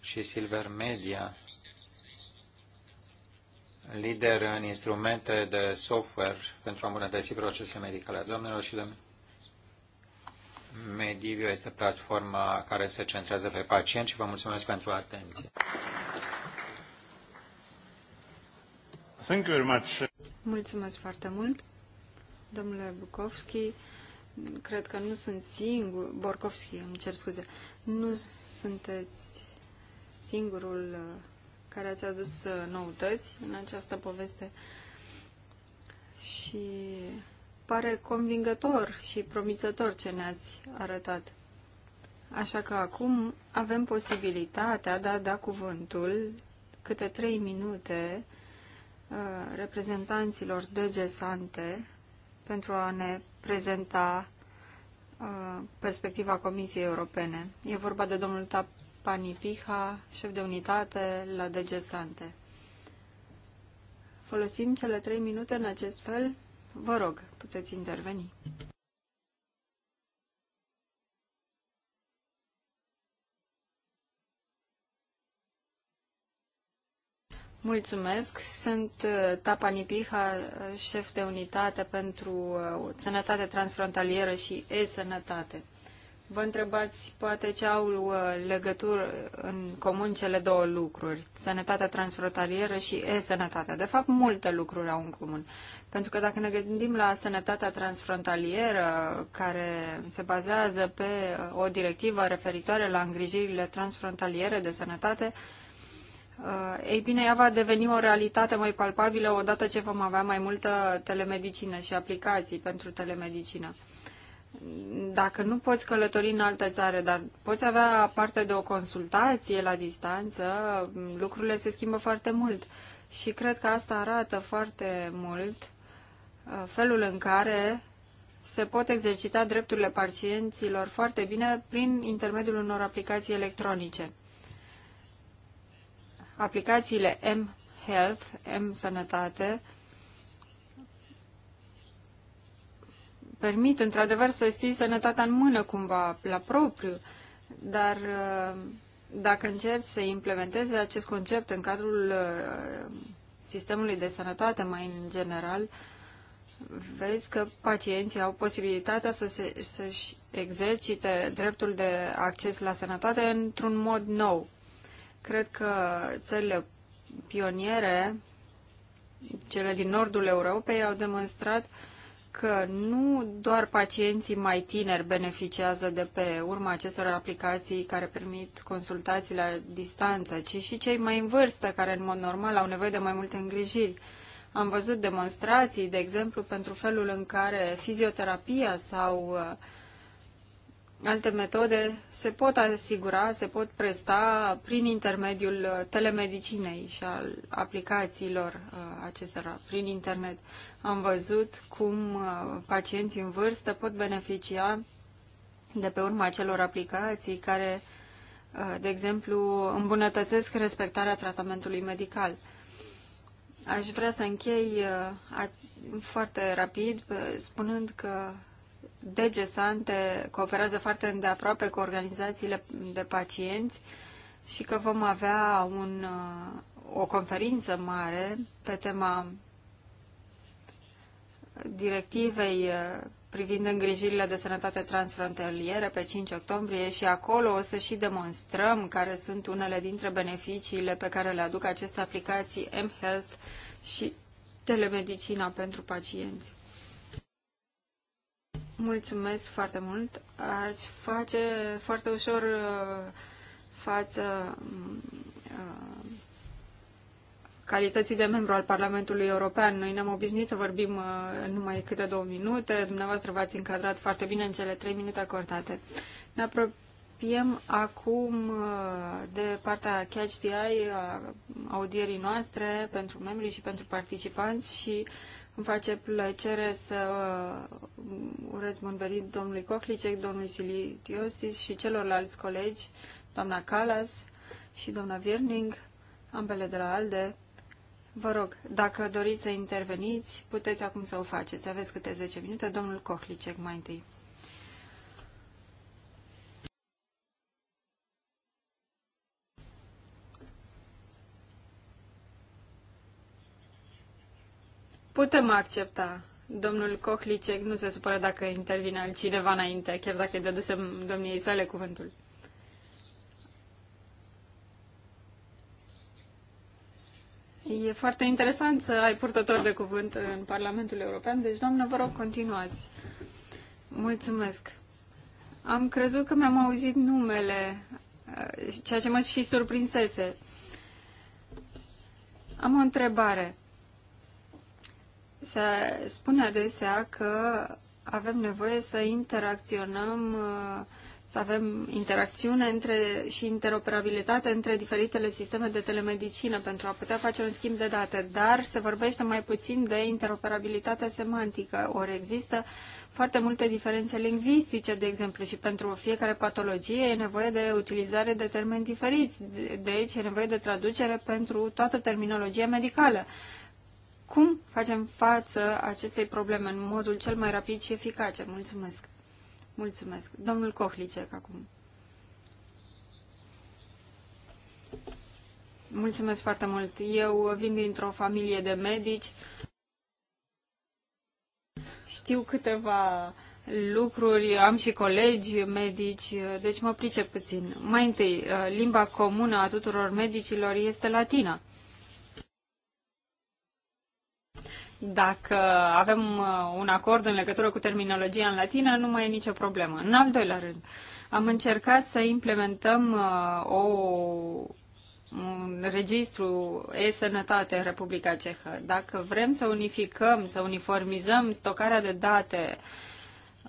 și Silver Media, lider în instrumente de software pentru a îmbunătăți procese medicale. Domnilor și domnilor, Medivio este platforma care se centrează pe pacient și vă mulțumesc pentru atenție. Thank you very much. Mulțumesc foarte mult, domnule Bukovski. Cred că nu sunt singur, Borkovski, îmi cer scuze, nu sunteți singurul uh, care ați adus uh, noutăți în această poveste și pare convingător și promițător ce ne-ați arătat. Așa că acum avem posibilitatea de a da cuvântul câte trei minute uh, reprezentanților DG pentru a ne prezenta uh, perspectiva Comisiei Europene. E vorba de domnul Panipiha, șef de unitate la DG Sante. Folosim cele trei minute în acest fel. Vă rog, puteți interveni. Mulțumesc. Sunt uh, Tapa Nipiha, șef de unitate pentru uh, sănătate transfrontalieră și e-sănătate. Vă întrebați poate ce au uh, legătură în comun cele două lucruri, sănătatea transfrontalieră și e-sănătatea. De fapt, multe lucruri au în comun. Pentru că dacă ne gândim la sănătatea transfrontalieră, care se bazează pe uh, o directivă referitoare la îngrijirile transfrontaliere de sănătate, uh, ei bine, ea va deveni o realitate mai palpabilă odată ce vom avea mai multă telemedicină și aplicații pentru telemedicină dacă nu poți călători în altă țară, dar poți avea parte de o consultație la distanță, lucrurile se schimbă foarte mult. Și cred că asta arată foarte mult uh, felul în care se pot exercita drepturile pacienților foarte bine prin intermediul unor aplicații electronice. Aplicațiile M-Health, M-Sănătate, permit într-adevăr să ții sănătatea în mână cumva la propriu, dar uh, dacă încerci să implementezi acest concept în cadrul uh, sistemului de sănătate mai în general, vezi că pacienții au posibilitatea să se, să-și exercite dreptul de acces la sănătate într-un mod nou. Cred că țările pioniere, cele din nordul Europei, au demonstrat uh, că nu doar pacienții mai tineri beneficiază de pe urma acestor aplicații care permit consultații la distanță, ci și cei mai în vârstă, care în mod normal au nevoie de mai multe îngrijiri. Am văzut demonstrații, de exemplu, pentru felul în care fizioterapia sau uh, alte metode se pot asigura, se pot presta prin intermediul telemedicinei și al aplicațiilor uh, acestora prin internet. Am văzut cum uh, pacienții în vârstă pot beneficia de pe urma acelor aplicații care, uh, de exemplu, îmbunătățesc respectarea tratamentului medical. Aș vrea să închei foarte rapid spunând că DG Sante cooperează foarte îndeaproape cu organizațiile de pacienți și că vom avea un, uh, o conferință mare pe tema directivei uh, privind îngrijirile de sănătate transfrontaliere pe 5 octombrie și acolo o să și demonstrăm care sunt unele dintre beneficiile pe care le aduc aceste aplicații mHealth și telemedicina pentru pacienți. Mulțumesc foarte mult. Ați face foarte ușor uh, față uh, calității de membru al Parlamentului European. Noi ne-am obișnuit să vorbim uh, numai câte două minute. Dumneavoastră v-ați încadrat foarte bine în cele trei minute acordate. Ne apropiem acum de partea Catch a audierii noastre pentru membrii și pentru participanți și îmi face plăcere să uh, urez bun venit domnului Cochlicek, domnului Silitiosis și celorlalți colegi, doamna Calas și doamna Virning, ambele de la ALDE. Vă rog, dacă doriți să interveniți, puteți acum să o faceți. Aveți câte 10 minute. Domnul Cochlicek mai întâi. Putem accepta. Domnul Kohlicek nu se supără dacă intervine altcineva înainte, chiar dacă îi dădusem domniei sale cuvântul. E foarte interesant să ai purtător de cuvânt în Parlamentul European, deci, doamnă, vă rog, continuați. Mulțumesc. Am crezut că mi-am auzit numele, eh, ceea ce mă și surprinsese. Am o întrebare se spune adesea că avem nevoie să interacționăm, să avem interacțiune între, și interoperabilitate între diferitele sisteme de telemedicină pentru a putea face un schimb de date, dar se vorbește mai puțin de interoperabilitatea semantică, ori există foarte multe diferențe lingvistice, de exemplu, și pentru fiecare patologie e nevoie de utilizare de termeni diferiți, deci e nevoie de traducere pentru toată terminologia medicală. Cum facem față acestei probleme în modul cel mai rapid și eficace? Mulțumesc! Mulțumesc! Domnul Cohlicek acum. Mulțumesc foarte mult. Eu vin dintr-o familie de medici. Știu câteva lucruri, am și colegi medici, deci mă pricep puțin. Mai întâi, limba comună a tuturor medicilor este latina. Dacă avem uh, un acord în legătură cu terminologia în latină, nu mai e nicio problemă. În al doilea rând, am încercat să implementăm uh, o, un registru e-sănătate în Republica Cehă. Dacă vrem să unificăm, să uniformizăm stocarea de date,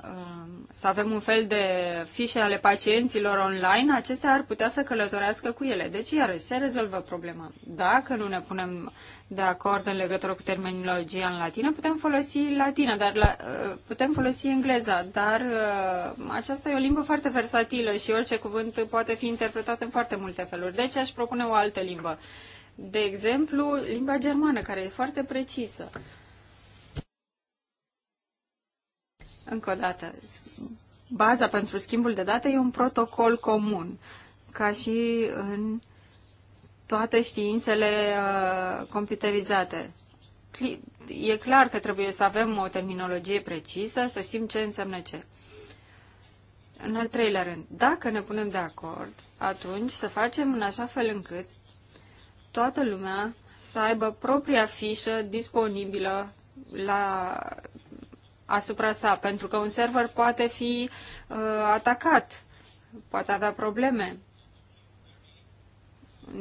Um, să avem un fel de fișe ale pacienților online, acestea ar putea să călătorească cu ele. Deci, iarăși, se rezolvă problema. Dacă nu ne punem de acord în legătură cu terminologia în latină, putem folosi latină, dar la, uh, putem folosi engleza, dar uh, aceasta e o limbă foarte versatilă și orice cuvânt poate fi interpretat în foarte multe feluri. Deci aș propune o altă limbă. De exemplu, limba germană, care e foarte precisă. Încă o dată, baza pentru schimbul de date e un protocol comun, ca și în toate științele uh, computerizate. E clar că trebuie să avem o terminologie precisă, să știm ce înseamnă ce. În al treilea rând, dacă ne punem de acord, atunci să facem în așa fel încât toată lumea să aibă propria fișă disponibilă la asupra sa, pentru că un server poate fi uh, atacat, poate avea probleme.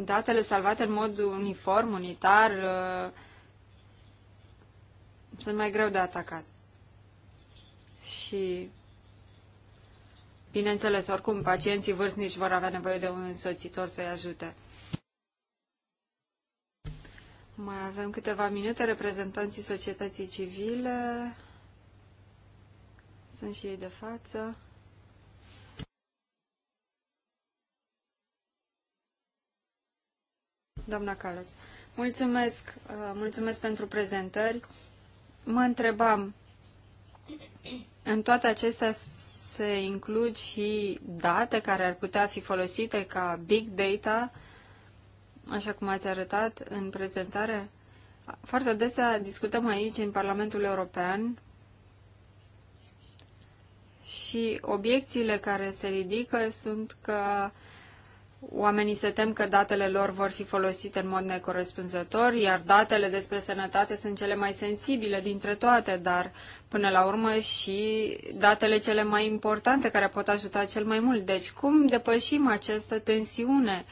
Datele salvate în mod uniform, unitar, uh, sunt mai greu de atacat. Și, bineînțeles, oricum, pacienții vârstnici vor avea nevoie de un însoțitor să-i ajute. Mai avem câteva minute reprezentanții societății civile. Sunt și ei de față. Doamna Carlos. mulțumesc, uh, mulțumesc pentru prezentări. Mă întrebam, în toate acestea se includ și date care ar putea fi folosite ca big data, așa cum ați arătat în prezentare? Foarte adesea discutăm aici, în Parlamentul European, și obiecțiile care se ridică sunt că oamenii se tem că datele lor vor fi folosite în mod necorespunzător, iar datele despre sănătate sunt cele mai sensibile dintre toate, dar până la urmă și datele cele mai importante care pot ajuta cel mai mult. Deci cum depășim această tensiune?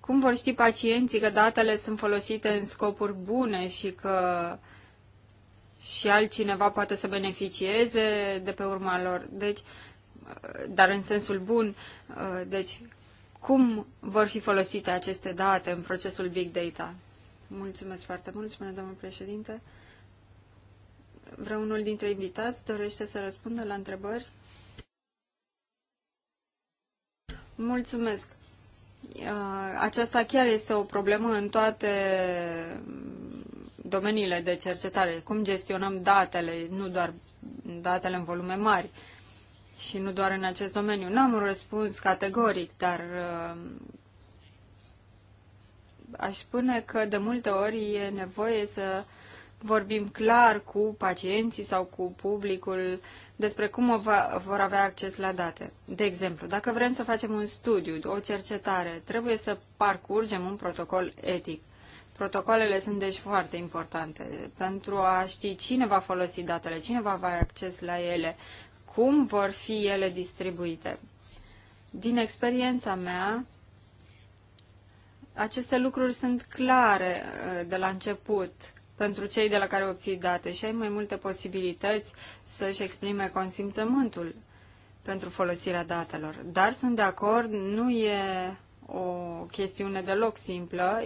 Cum vor ști pacienții că datele sunt folosite în scopuri bune și că uh, și altcineva poate să beneficieze de pe urma lor. Deci, uh, dar în sensul bun, uh, deci cum vor fi folosite aceste date în procesul Big Data? Mulțumesc foarte mult, spune domnul președinte. Vreunul dintre invitați dorește să răspundă la întrebări? Mulțumesc. Uh, aceasta chiar este o problemă în toate domeniile de cercetare, cum gestionăm datele, nu doar datele în volume mari și nu doar în acest domeniu. N-am un răspuns categoric, dar uh, aș spune că de multe ori e nevoie să vorbim clar cu pacienții sau cu publicul despre cum vor avea acces la date. De exemplu, dacă vrem să facem un studiu, o cercetare, trebuie să parcurgem un protocol etic. Protocolele sunt deci foarte importante pentru a ști cine va folosi datele, cine va avea acces la ele, cum vor fi ele distribuite. Din experiența mea, aceste lucruri sunt clare uh, de la început pentru cei de la care obții date și ai mai multe posibilități să-și exprime consimțământul pentru folosirea datelor. Dar sunt de acord, nu e o chestiune deloc simplă,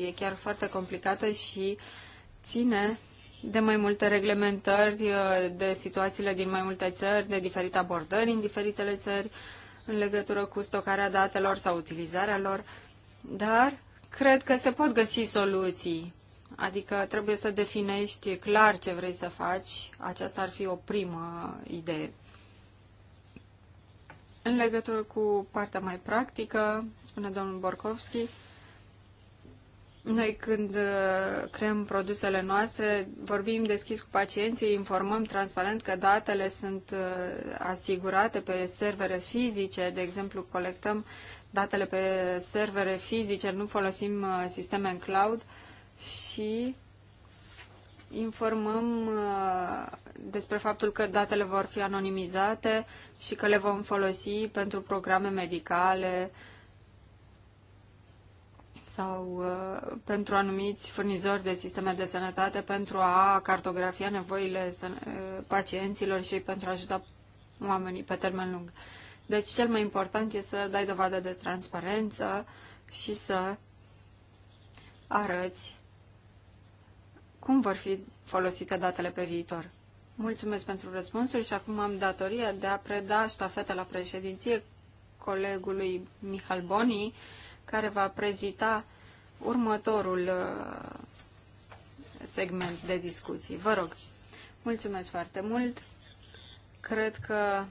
e, e chiar foarte complicată și ține de mai multe reglementări, uh, de situațiile din mai multe țări, de diferite abordări în diferitele țări în legătură cu stocarea datelor sau utilizarea lor, dar cred că se pot găsi soluții. Adică trebuie să definești clar ce vrei să faci. Aceasta ar fi o primă idee. În legătură cu partea mai practică, spune domnul Borkovski, noi când uh, creăm produsele noastre, vorbim deschis cu pacienții, informăm transparent că datele sunt uh, asigurate pe servere fizice, de exemplu colectăm datele pe servere fizice, nu folosim uh, sisteme în cloud și informăm uh, despre faptul că datele vor fi anonimizate și că le vom folosi pentru programe medicale sau uh, pentru anumiți furnizori de sisteme de sănătate pentru a cartografia nevoile uh, pacienților și pentru a ajuta oamenii pe termen lung. Deci cel mai important este să dai dovadă de transparență și să arăți cum vor fi folosite datele pe viitor. Mulțumesc pentru răspunsuri și acum am datoria de a preda ștafeta la președinție colegului Mihal Boni, care va prezita următorul uh, segment de discuții. Vă rog. Mulțumesc foarte mult. Cred că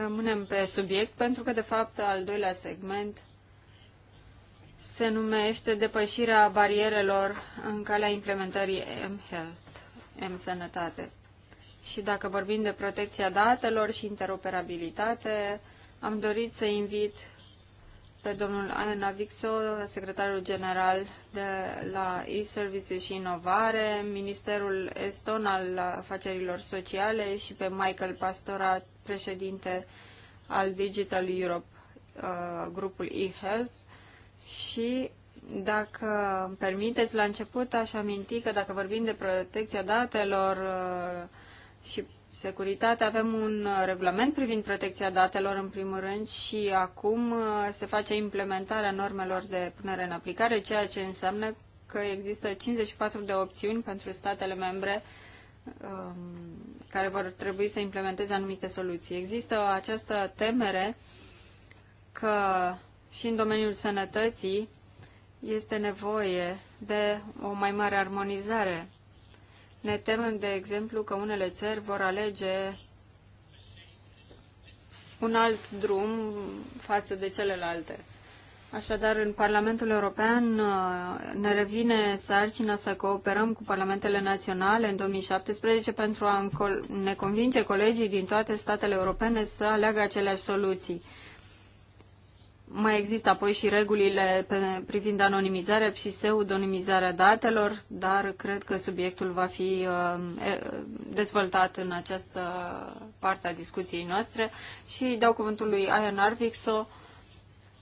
rămânem pe subiect, pentru că, de fapt, al doilea segment se numește depășirea barierelor în calea implementării m-health, m-sănătate. Și dacă vorbim de protecția datelor și interoperabilitate, am dorit să invit pe domnul Ana Vixo, secretarul general de la e-services și inovare, Ministerul Eston al Afacerilor Sociale și pe Michael Pastora, președinte al Digital Europe, uh, grupul eHealth și dacă îmi permiteți, la început aș aminti că dacă vorbim de protecția datelor uh, și securitate, avem un uh, regulament privind protecția datelor în primul rând și acum se face implementarea normelor de punere în aplicare, ceea ce înseamnă că există 54 de opțiuni pentru statele membre um, care vor trebui să implementeze anumite soluții. Există această temere că și în domeniul sănătății este nevoie de o mai mare armonizare. Ne temem, de exemplu, că unele țări vor alege un alt drum față de celelalte. Așadar, în Parlamentul European uh, ne revine sarcina să cooperăm cu parlamentele naționale în 2017 pentru a ne convinge colegii din toate statele europene să aleagă aceleași soluții. Mai există apoi și regulile privind anonimizarea și pseudonimizarea datelor, dar cred că subiectul va fi uh, dezvoltat în această parte a discuției noastre și dau cuvântul lui Ayan Arvixo,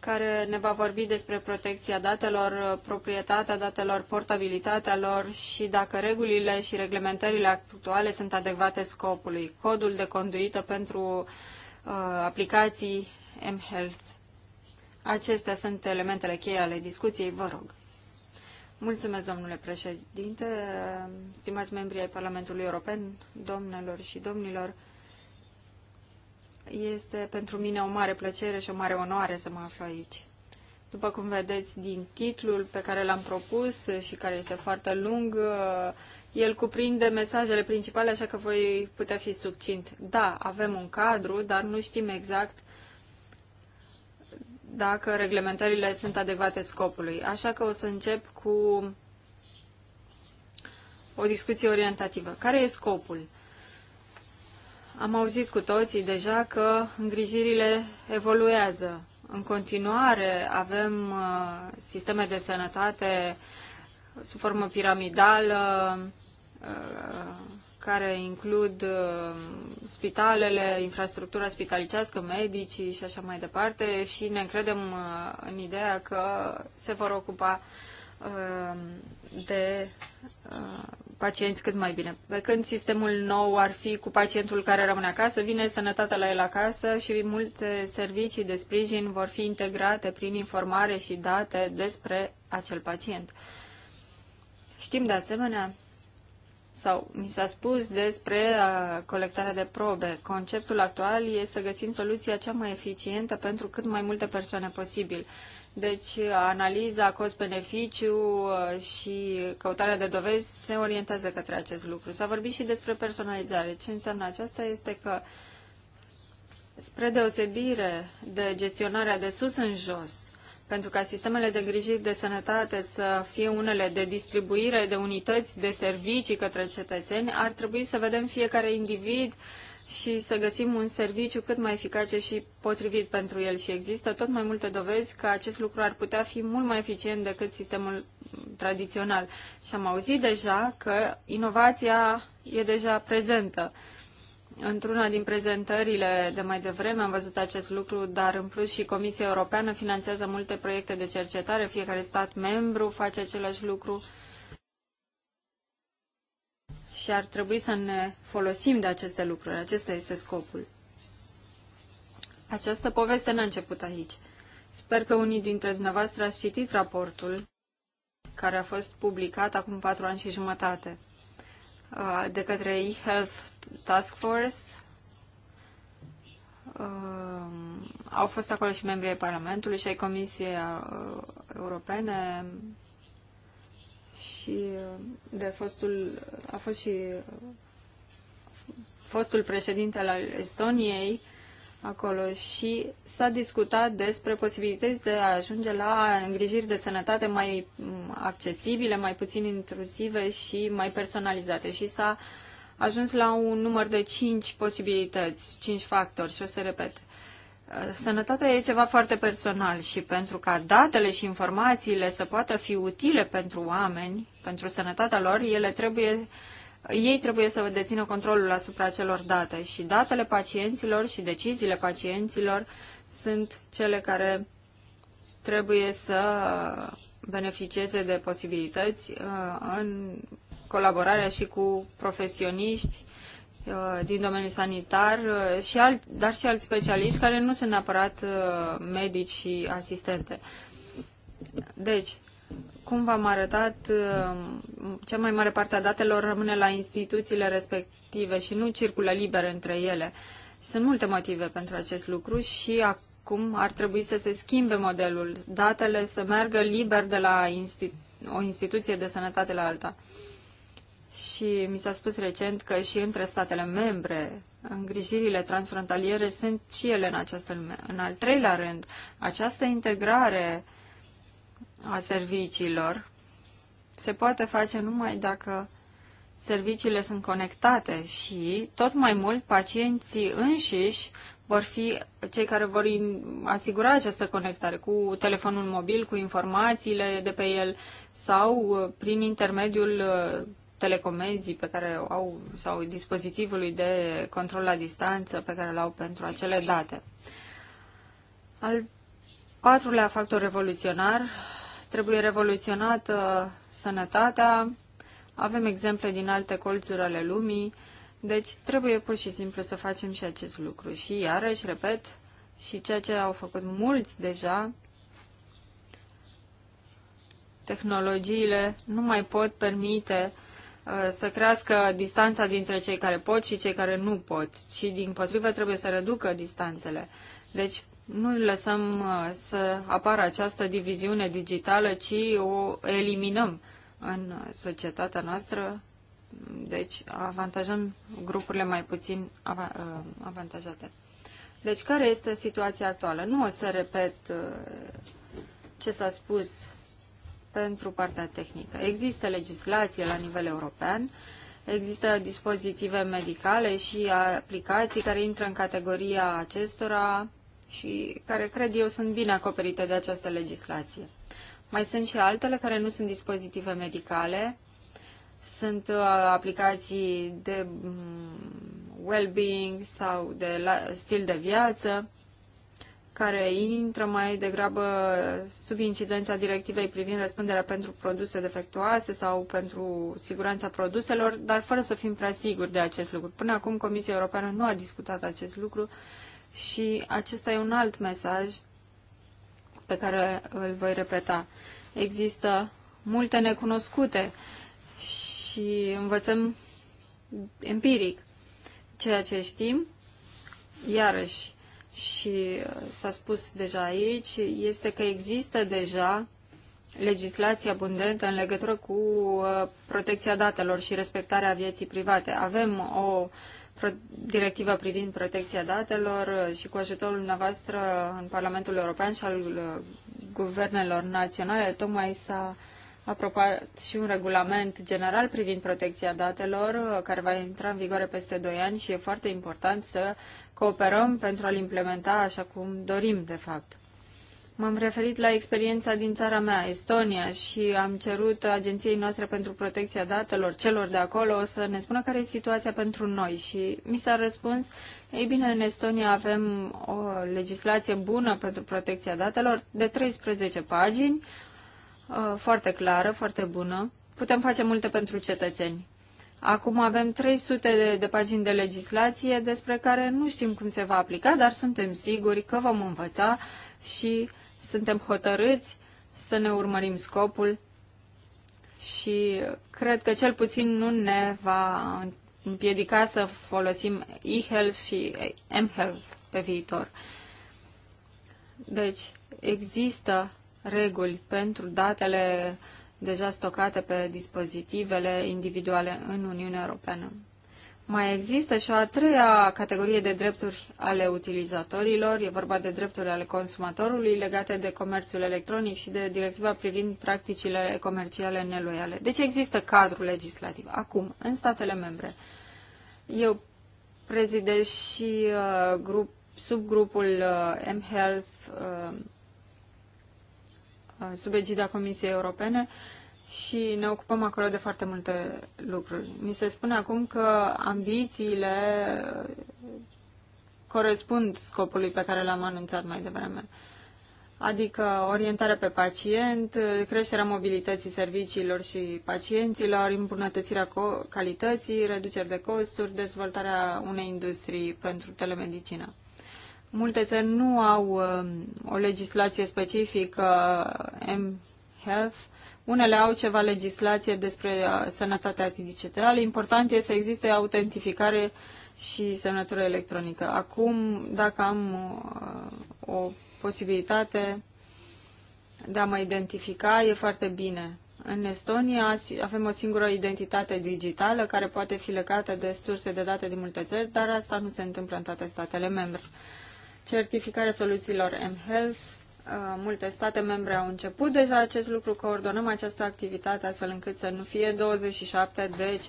care ne va vorbi despre protecția datelor, proprietatea datelor, portabilitatea lor și dacă regulile și reglementările actuale sunt adecvate scopului. Codul de conduită pentru uh, aplicații mHealth. Acestea sunt elementele cheie ale discuției, vă rog. Mulțumesc, domnule președinte, stimați membri ai Parlamentului European, domnilor și domnilor. Este pentru mine o mare plăcere și o mare onoare să mă aflu aici. După cum vedeți din titlul pe care l-am propus și care este foarte lung, el cuprinde mesajele principale, așa că voi putea fi subțint. Da, avem un cadru, dar nu știm exact dacă reglementările sunt adecvate scopului. Așa că o să încep cu o discuție orientativă. Care e scopul? Am auzit cu toții deja că îngrijirile evoluează. În continuare avem uh, sisteme de sănătate sub formă piramidală, uh, care includ uh, spitalele, infrastructura spitalicească, medicii și așa mai departe și ne încredem în ideea că se vor ocupa Uh, de uh, pacienți cât mai bine. Pe când sistemul nou ar fi cu pacientul care rămâne acasă, vine sănătatea la el acasă și multe servicii de sprijin vor fi integrate prin informare și date despre acel pacient. Știm de asemenea, sau mi s-a spus despre uh, colectarea de probe. Conceptul actual este să găsim soluția cea mai eficientă pentru cât mai multe persoane posibil. Deci, analiza cost-beneficiu uh, și căutarea de dovezi se orientează către acest lucru. S-a vorbit și despre personalizare. Ce înseamnă aceasta este că, spre deosebire de gestionarea de sus în jos, pentru ca sistemele de îngrijiri de sănătate să fie unele de distribuire de unități de servicii către cetățeni, ar trebui să vedem fiecare individ uh, și să găsim un serviciu cât mai eficace și potrivit pentru el. Și există tot mai multe dovezi că acest lucru ar putea fi mult mai eficient decât sistemul tradițional. Și am auzit deja că inovația e deja prezentă. Într-una din prezentările de mai devreme am văzut acest lucru, dar în plus și Comisia Europeană finanțează multe proiecte de cercetare, fiecare stat membru face același lucru. Uh, și ar trebui să ne folosim de aceste lucruri. Acesta este scopul. Această poveste n-a început aici. Sper că unii dintre dumneavoastră ați citit raportul care a fost publicat acum patru ani și jumătate uh, de către e-health task force. Uh, au fost acolo și membrii Parlamentului și ai Comisiei uh, Europene, și de fostul, a fost și fostul președinte al Estoniei acolo și s-a discutat despre posibilități de a ajunge la îngrijiri de sănătate mai mm, accesibile, mai puțin intrusive și mai personalizate și s-a ajuns la un număr de 5 posibilități, 5 factori și o să repet. Sănătatea e ceva foarte personal și pentru ca datele și informațiile să poată fi utile pentru oameni, pentru sănătatea lor, ele trebuie, ei trebuie să dețină controlul asupra acelor date și datele pacienților și deciziile pacienților sunt cele care trebuie să beneficieze de posibilități uh, în colaborarea și cu profesioniști Uh, din domeniul sanitar, uh, și alt, dar și alți specialiști care nu sunt neapărat uh, medici și asistente. Deci, cum v-am arătat, cea mai mare parte a datelor rămâne la instituțiile respective și nu circulă liber între ele. Sunt multe motive pentru acest lucru și acum ar trebui să se schimbe modelul, datele să meargă liber de la institu- o instituție de sănătate la alta și mi s-a spus recent că și între statele membre îngrijirile transfrontaliere sunt și ele în această lume. În al treilea rând, această integrare a serviciilor se poate face numai dacă serviciile sunt conectate și tot mai mult pacienții înșiși vor fi cei care vor asigura această conectare cu telefonul mobil, cu informațiile de pe el sau uh, prin intermediul uh, telecomenzii pe care au sau dispozitivului de control la distanță pe care l-au pentru acele date. Al patrulea factor revoluționar, trebuie revoluționată sănătatea, avem exemple din alte colțuri ale lumii, deci trebuie pur și simplu să facem și acest lucru. Și iarăși, repet, și ceea ce au făcut mulți deja, tehnologiile nu mai pot permite Uh, să crească distanța dintre cei care pot și cei care nu pot, ci din potrivă trebuie să reducă distanțele. Deci nu lăsăm uh, să apară această diviziune digitală, ci o eliminăm în societatea noastră, deci avantajăm grupurile mai puțin uh, avantajate. Deci care este situația actuală? Nu o să repet ce s-a spus pentru partea tehnică. Există legislație la nivel european, există dispozitive medicale și aplicații care intră în categoria acestora și care, cred eu, sunt bine acoperite de această legislație. Mai sunt și altele care nu sunt dispozitive medicale, sunt uh, aplicații de mm, well-being sau de stil de viață, care intră mai degrabă sub incidența directivei privind răspunderea pentru produse defectuoase sau pentru siguranța produselor, dar fără să fim prea siguri de acest lucru. Până acum Comisia Europeană nu a discutat acest lucru și acesta e un alt mesaj pe care îl voi repeta. Există multe necunoscute și învățăm empiric ceea ce știm. Iarăși, și uh, s-a spus deja aici, este că există deja legislație abundentă în legătură cu uh, protecția datelor și respectarea vieții private. Avem o directivă privind protecția datelor uh, și cu ajutorul dumneavoastră în Parlamentul European și al guvernelor naționale, tocmai s-a aprobat și un regulament general privind protecția datelor, care va intra în vigoare peste 2 ani și e foarte important să cooperăm pentru a-l implementa așa cum dorim, de fapt. M-am referit la experiența din țara mea, Estonia, și am cerut Agenției noastre pentru protecția datelor, celor de acolo, să ne spună care e situația pentru noi. Și mi s-a răspuns, ei bine, în Estonia avem o legislație bună pentru protecția datelor, de 13 pagini, uh, foarte clară, foarte bună. Putem face multe pentru cetățeni. Acum avem 300 de, de pagini de legislație despre care nu știm cum se va aplica, dar suntem siguri că vom învăța și suntem hotărâți să ne urmărim scopul și cred că cel puțin nu ne va împiedica să folosim e-health și m-health pe viitor. Deci, există reguli pentru datele deja stocate pe dispozitivele individuale în Uniunea Europeană. Mai există și a treia categorie de drepturi ale utilizatorilor, e vorba de drepturi ale consumatorului legate de comerțul electronic și de directiva privind practicile comerciale neloiale. Deci există cadrul legislativ. Acum, în statele membre, eu prezidez și uh, grup, subgrupul uh, mHealth, uh, Uh, sub egida Comisiei Europene și ne ocupăm acolo de foarte multe lucruri. Mi se spune acum că ambițiile uh, corespund scopului pe care l-am anunțat mai devreme. Adică orientarea pe pacient, creșterea mobilității serviciilor și pacienților, îmbunătățirea calității, reduceri de costuri, dezvoltarea unei industrii pentru telemedicină. Multe țări nu au um, o legislație specifică M-Health, unele au ceva legislație despre uh, sănătatea digitală. Important este să existe autentificare și semnătură electronică. Acum, dacă am uh, o posibilitate de a mă identifica, e foarte bine. În Estonia avem o singură identitate digitală care poate fi legată de surse de date din multe țări, dar asta nu se întâmplă în toate statele membre certificarea soluțiilor mHealth. Uh, multe state membre au început deja acest lucru, coordonăm această activitate astfel încât să nu fie 27 de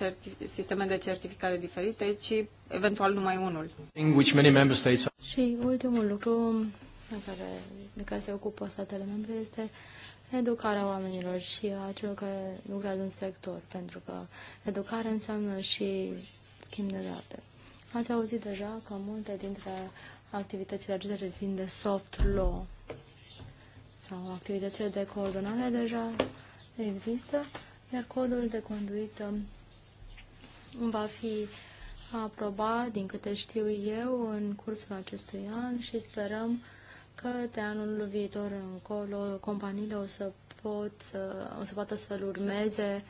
sisteme de certificare diferite, ci eventual numai unul. Și ultimul lucru care, de care se ocupă statele membre este educarea oamenilor și a celor care lucrează în sector, pentru că educarea înseamnă și schimb de date. Ați auzit deja că multe dintre activitățile acestea ce țin de soft law sau activitățile de coordonare deja există, iar codul de conduită va fi aprobat, din câte știu eu, în cursul acestui an și sperăm că de anul viitor încolo companiile o să, pot, o să poată să-l urmeze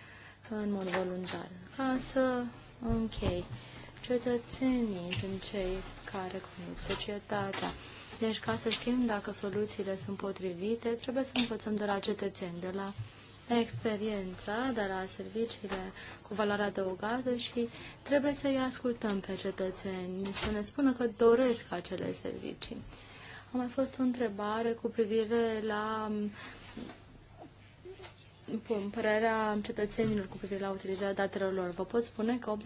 în mod voluntar. Ca să închei, cetățenii sunt cei care cu societatea. Deci, ca să știm dacă soluțiile sunt potrivite, trebuie să învățăm de la cetățeni, de la experiența, de la serviciile cu valoare adăugată și trebuie să-i ascultăm pe cetățeni, să ne spună că doresc acele servicii. A mai fost o întrebare cu privire la părerea cetățenilor cu privire la utilizarea datelor lor. Vă pot spune că 85%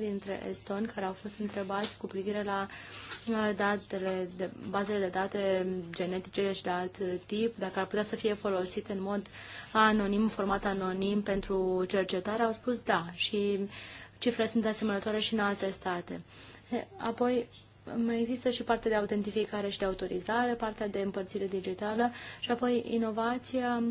dintre estoni care au fost întrebați cu privire la uh, datele de, bazele de date genetice și de alt tip, dacă ar putea să fie folosite în mod anonim, format anonim pentru cercetare, au spus da și cifrele sunt asemănătoare și în alte state. Apoi, mai există și partea de autentificare și de autorizare, partea de împărțire digitală și apoi inovația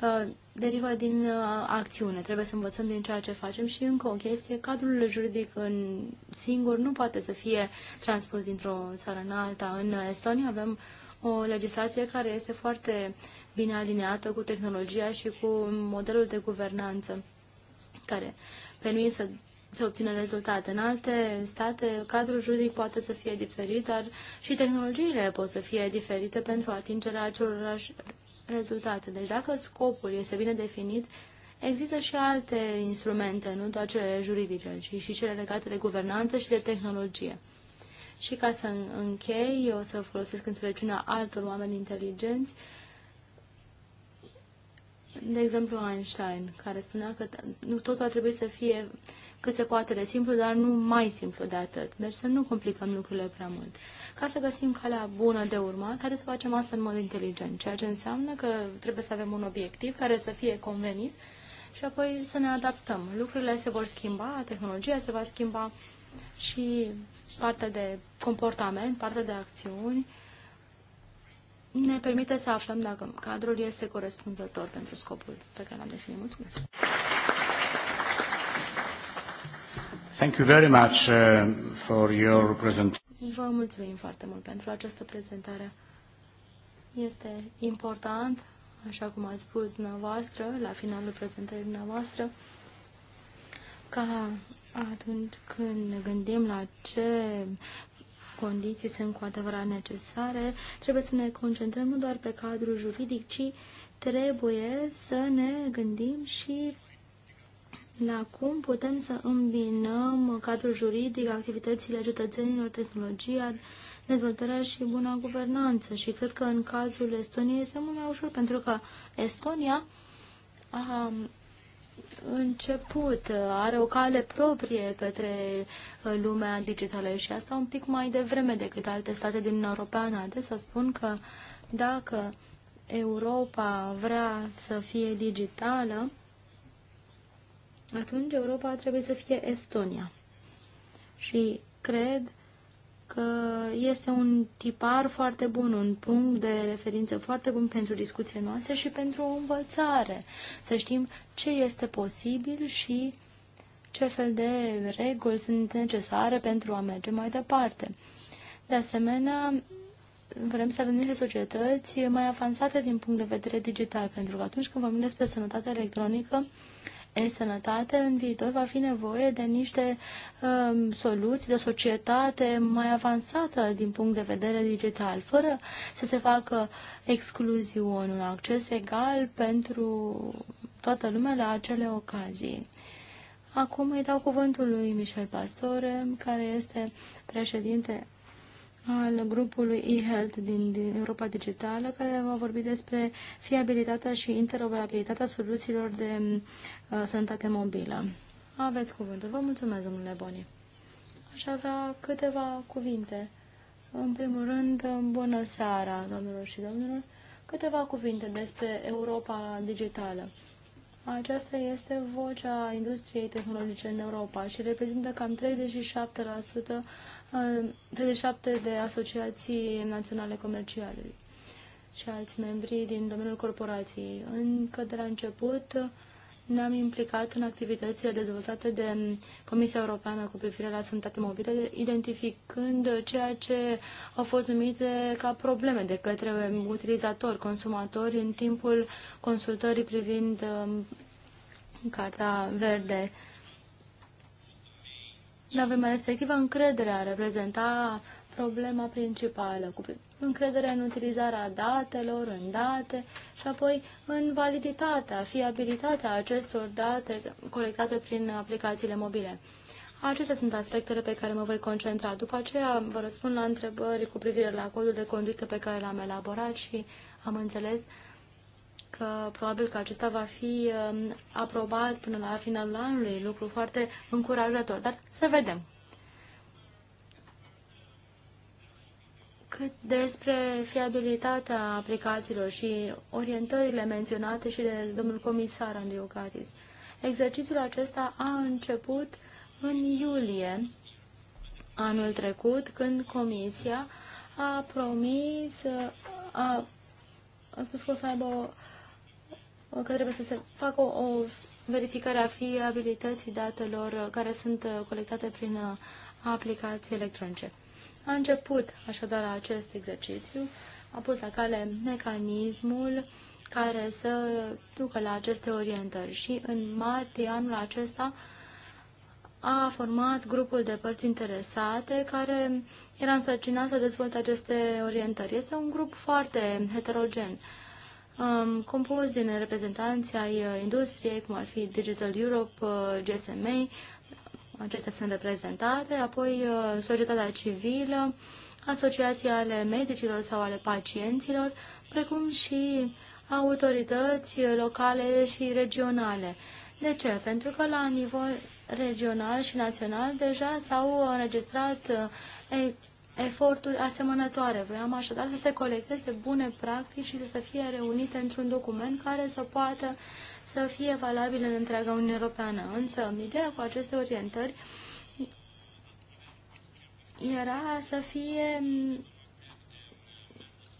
uh, derivă din uh, acțiune. Trebuie să învățăm din ceea ce facem și încă o chestie, cadrul juridic în singur nu poate să fie transpus dintr-o țară în alta. În Estonia avem o legislație care este foarte bine aliniată cu tehnologia și cu modelul de guvernanță care permit să se obține rezultate. În alte state, cadrul juridic poate să fie diferit, dar și tehnologiile pot să fie diferite pentru atingerea acelor rezultate. Deci dacă scopul este bine definit, există și alte instrumente, nu doar cele juridice, ci și cele legate de guvernanță și de tehnologie. Și ca să închei, o să folosesc înțelepciunea altor oameni inteligenți, de exemplu Einstein, care spunea că nu totul ar trebui să fie uh, cât se poate de simplu, dar nu mai simplu de atât. Deci să nu complicăm lucrurile prea mult. Ca să găsim calea bună de urmat, trebuie să facem asta în mod inteligent, ceea ce înseamnă că trebuie să avem un obiectiv care să fie convenit și apoi să ne adaptăm. Lucrurile se vor schimba, tehnologia se va schimba și partea de comportament, partea de acțiuni ne permite să aflăm dacă cadrul este corespunzător pentru scopul pe care l-am definit. Mulțumesc! Thank you very much uh, for your presentation. Vă mulțumim foarte mult pentru această prezentare. Este important, așa cum ați spus dumneavoastră, la finalul prezentării dumneavoastră, ca atunci când ne gândim la ce condiții sunt cu adevărat necesare, trebuie să ne concentrăm nu doar pe cadrul juridic, ci trebuie să ne gândim și la acum putem să îmbinăm cadrul juridic, activitățile cetățenilor, tehnologia, dezvoltarea și buna guvernanță. Și cred că în cazul Estoniei este mult mai ușor, pentru că Estonia a um, început, are o cale proprie către uh, lumea digitală și asta un pic mai devreme decât alte state din Europeană. Adesea spun că dacă Europa vrea să fie digitală, atunci Europa ar trebui să fie Estonia. Și cred că este un tipar foarte bun, un punct de referință foarte bun pentru discuțiile noastre și pentru o învățare. Să știm ce este posibil și ce fel de reguli sunt necesare pentru a merge mai departe. De asemenea, vrem să avem niște societăți mai avansate din punct de vedere digital, pentru că atunci când vorbim despre sănătatea electronică, e-sănătate, în viitor va fi nevoie de niște um, soluții de societate mai avansată din punct de vedere digital, fără să se facă excluziuni, un acces egal pentru toată lumea la acele ocazii. Acum îi dau cuvântul lui Michel Pastore, care este președinte al grupului e-health din Europa Digitală, care va vorbi despre fiabilitatea și interoperabilitatea soluțiilor de uh, sănătate mobilă. Aveți cuvântul. Vă mulțumesc, domnule Boni. Aș avea câteva cuvinte. În primul rând, uh, bună seara, domnilor și domnilor. Câteva cuvinte despre Europa Digitală. Aceasta este vocea industriei tehnologice în Europa și reprezintă cam 37% 37 de asociații naționale comerciale și alți membri din domeniul corporației. Încă de la început ne-am implicat în activitățile dezvoltate de Comisia Europeană cu privire la sănătate mobilă, identificând ceea ce au fost numite ca probleme de către utilizatori, consumatori, în timpul consultării privind um, Carta Verde la vremea respectivă, încrederea reprezenta problema principală, cu încredere în utilizarea datelor, în date și apoi în validitatea, fiabilitatea acestor date colectate prin aplicațiile mobile. Acestea sunt aspectele pe care mă voi concentra. După aceea vă răspund la întrebări cu privire la codul de conduită pe care l-am elaborat și am înțeles uh, că probabil că acesta va fi um, aprobat până la finalul anului, lucru foarte încurajator, dar să vedem. Cât despre fiabilitatea aplicațiilor și orientările menționate și de domnul comisar Andriu Exercițiul acesta a început în iulie anul trecut, când comisia a promis, a, a spus că o să aibă că trebuie să se facă o, o verificare a fiabilității datelor care sunt uh, colectate prin uh, aplicații electronice. A început așadar acest exercițiu, a pus la cale mecanismul care să ducă la aceste orientări și în martie anul acesta a format grupul de părți interesate care era însărcinat să dezvolte aceste orientări. Este un grup foarte heterogen um, compus din reprezentanți ai uh, industriei, cum ar fi Digital Europe, uh, GSMA, acestea sunt reprezentate, apoi uh, societatea civilă, asociații ale medicilor sau ale pacienților, precum și autorități locale și regionale. De ce? Pentru că la nivel regional și național deja s-au înregistrat eforturi asemănătoare. Vreau așadar să se colecteze bune practici și să se fie reunite într-un document care să poată să fie valabil în întreaga Uniune Europeană. Însă, ideea cu aceste orientări era să fie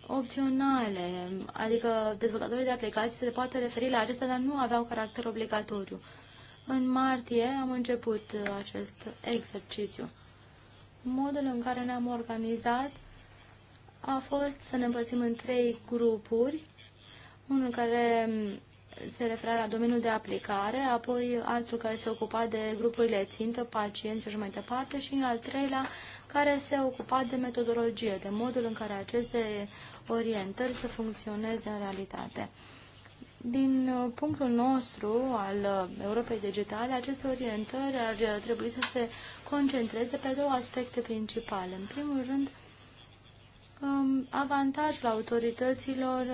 opționale, adică dezvoltatorii de aplicații se poate referi la acestea, dar nu aveau caracter obligatoriu. În martie am început acest exercițiu modul în care ne-am organizat a fost să ne împărțim în trei grupuri, unul care se refera la domeniul de aplicare, apoi altul care se ocupa de grupurile țintă, pacienți și așa mai departe, și al treilea care se ocupa de metodologie, de modul în care aceste orientări să funcționeze în realitate. Din uh, punctul nostru al uh, Europei Digitale, aceste orientări ar uh, trebui să se concentreze pe două aspecte principale. În primul rând, um, avantajul autorităților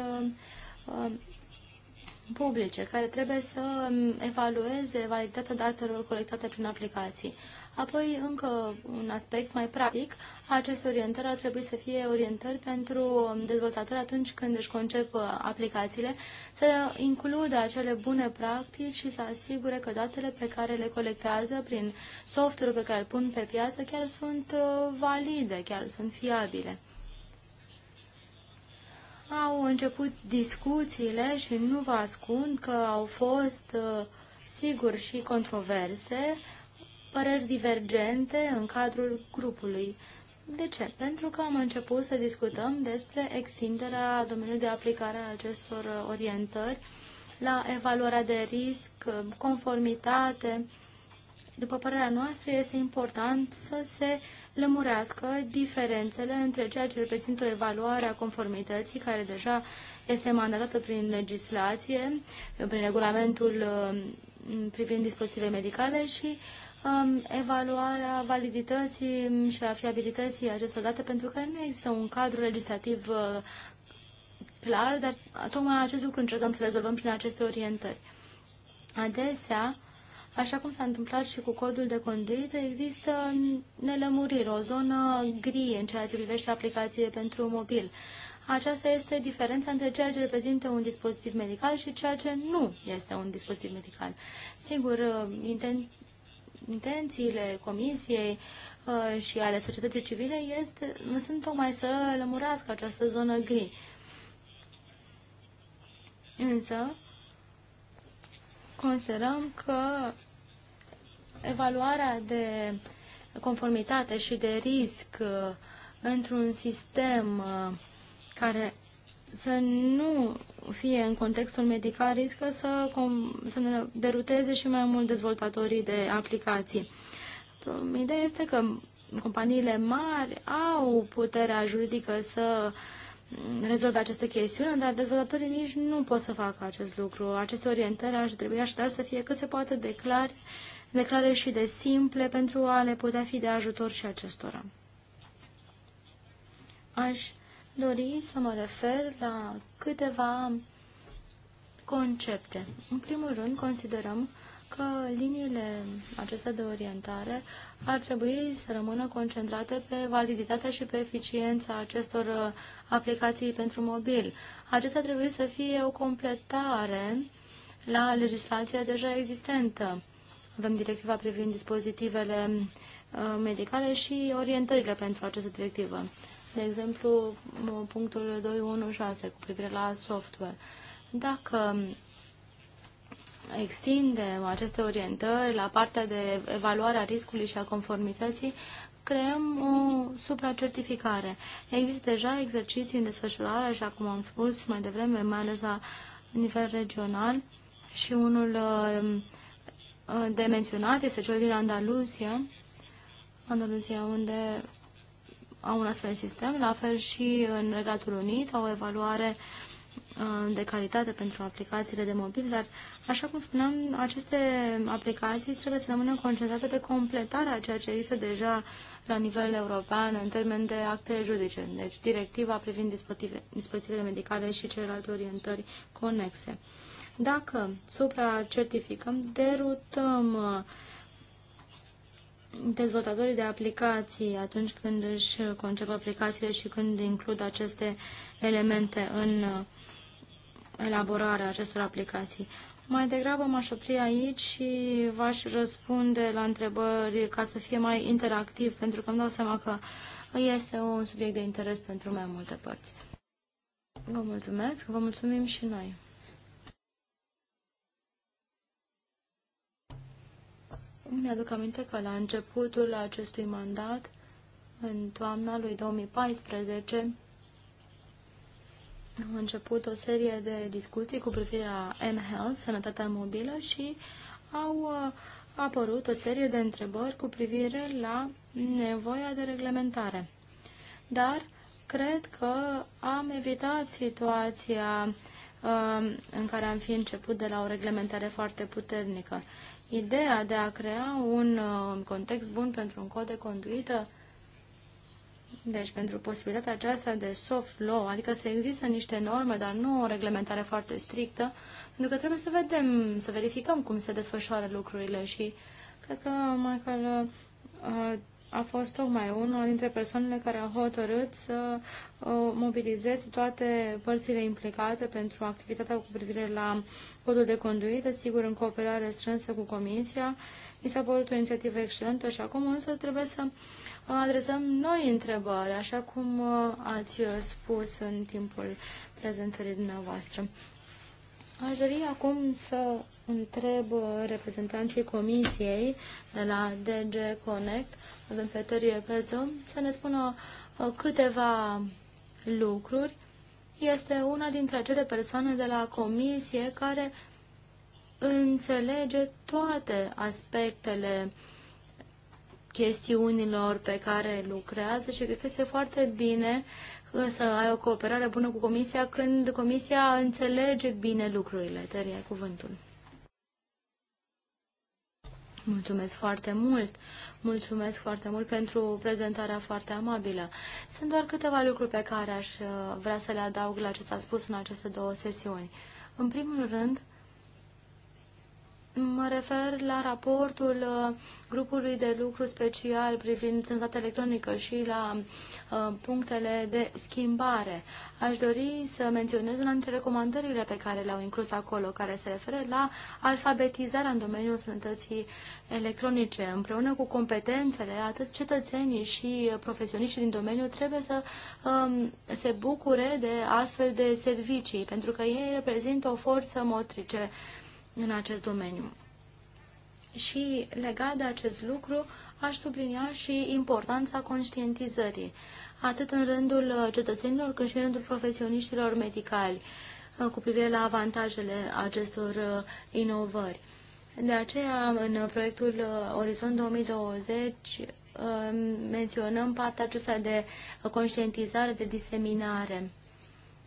um, publice, care trebuie să um, evalueze validitatea datelor colectate prin aplicații. Apoi, încă un aspect mai practic, aceste orientări ar trebui să fie orientări pentru dezvoltatori atunci când își concep uh, aplicațiile, să includă acele bune practici și să asigure că datele pe care le colectează prin software pe care îl pun pe piață chiar sunt uh, valide, chiar sunt fiabile au început discuțiile și nu vă ascund că au fost uh, sigur și controverse păreri divergente în cadrul grupului. De ce? Pentru că am început să discutăm despre extinderea domeniului de aplicare a acestor orientări la evaluarea de risc, conformitate. După părerea noastră, este important să se lămurească diferențele între ceea ce reprezintă o evaluare a conformității, care deja este mandatată prin legislație, prin regulamentul uh, privind dispozitive medicale și evaluarea validității și a fiabilității acestor date, pentru că nu există un cadru legislativ uh, clar, dar tocmai acest lucru încercăm să rezolvăm prin aceste orientări. Adesea, așa cum s-a întâmplat și cu codul de conduită, există nelămuriri, o zonă gri în ceea ce privește aplicație pentru mobil. Aceasta este diferența între ceea ce reprezintă un dispozitiv medical și ceea ce nu este un dispozitiv medical. Sigur, uh, intent, intențiile Comisiei uh, și ale societății civile este, sunt tocmai să lămurească această zonă gri. Însă, considerăm că evaluarea de conformitate și de risc uh, într-un sistem uh, care să nu fie în contextul medical, riscă să, să ne deruteze și mai mult dezvoltatorii de aplicații. Ideea este că companiile mari au puterea juridică să rezolve aceste chestiuni, dar dezvoltatorii nici nu pot să facă acest lucru. Aceste orientări ar trebui așadar să fie cât se poate de clare, și de simple pentru a le putea fi de ajutor și acestora. Aș dori să mă refer la câteva concepte. În primul rând, considerăm că liniile acestea de orientare ar trebui să rămână concentrate pe validitatea și pe eficiența acestor uh, aplicații pentru mobil. Acestea trebuie să fie o completare la legislația deja existentă. Avem directiva privind dispozitivele uh, medicale și orientările pentru această directivă de exemplu, punctul 216 cu privire la software. Dacă extindem aceste orientări la partea de evaluare a riscului și a conformității, creăm o supracertificare. Există deja exerciții în desfășurare, așa cum am spus mai devreme, mai ales la nivel regional și unul uh, de menționat este cel din Andaluzia, Andaluzia unde au un astfel de sistem, la fel și în Regatul Unit au o evaluare uh, de calitate pentru aplicațiile de mobil, dar, așa cum spuneam, aceste aplicații trebuie să rămână concentrate pe completarea a ceea ce există deja la nivel european în termen de acte judice, deci directiva privind dispozitive, dispozitivele medicale și celelalte orientări conexe. Dacă supracertificăm, derutăm uh, dezvoltatorii de aplicații atunci când își concep aplicațiile și când includ aceste elemente în uh, elaborarea acestor aplicații. Mai degrabă m-aș opri aici și v-aș răspunde la întrebări ca să fie mai interactiv, pentru că îmi dau seama că este un subiect de interes pentru mai multe părți. Vă mulțumesc, vă mulțumim și noi. Mi-aduc aminte că la începutul acestui mandat, în toamna lui 2014, am început o serie de discuții cu privire la mHealth, sănătatea mobilă, și au uh, apărut o serie de întrebări cu privire la nevoia de reglementare. Dar cred că am evitat situația uh, în care am fi început de la o reglementare foarte puternică. Ideea de a crea un uh, context bun pentru un cod de conduită, deci pentru posibilitatea aceasta de soft law, adică să există niște norme, dar nu o reglementare foarte strictă, pentru că trebuie să vedem, să verificăm cum se desfășoară lucrurile și cred că, Michael, uh, a fost tocmai unul dintre persoanele care a hotărât să uh, mobilizeze toate părțile implicate pentru activitatea cu privire la codul de conduită, sigur în cooperare strânsă cu Comisia. Mi s-a părut o inițiativă excelentă și acum însă trebuie să adresăm noi întrebări, așa cum uh, ați spus în timpul prezentării dumneavoastră. Aș dori acum să întreb uh, reprezentanții comisiei de la DG Connect, avem pe Tărie Prețu, să ne spună uh, câteva lucruri. Este una dintre acele persoane de la comisie care înțelege toate aspectele chestiunilor pe care lucrează și cred că este foarte bine uh, să ai o cooperare bună cu comisia când comisia înțelege bine lucrurile. Tărie cuvântul. Mulțumesc foarte mult! Mulțumesc foarte mult pentru prezentarea foarte amabilă. Sunt doar câteva lucruri pe care aș uh, vrea să le adaug la ce s-a spus în aceste două sesiuni. În primul rând, Mă refer la raportul uh, grupului de lucru special privind sănătatea electronică și la uh, punctele de schimbare. Aș dori să menționez una dintre recomandările pe care le-au inclus acolo, care se referă la alfabetizarea în domeniul sănătății electronice. Împreună cu competențele, atât cetățenii și uh, profesioniștii din domeniu trebuie să um, se bucure de astfel de servicii, pentru că ei reprezintă o forță motrice uh, în acest domeniu. Și legat de acest lucru, aș sublinia și importanța conștientizării, atât în rândul uh, cetățenilor, cât și în rândul profesioniștilor medicali, uh, cu privire la avantajele acestor uh, inovări. De aceea, în proiectul Orizont 2020, menționăm partea aceasta de conștientizare, de diseminare.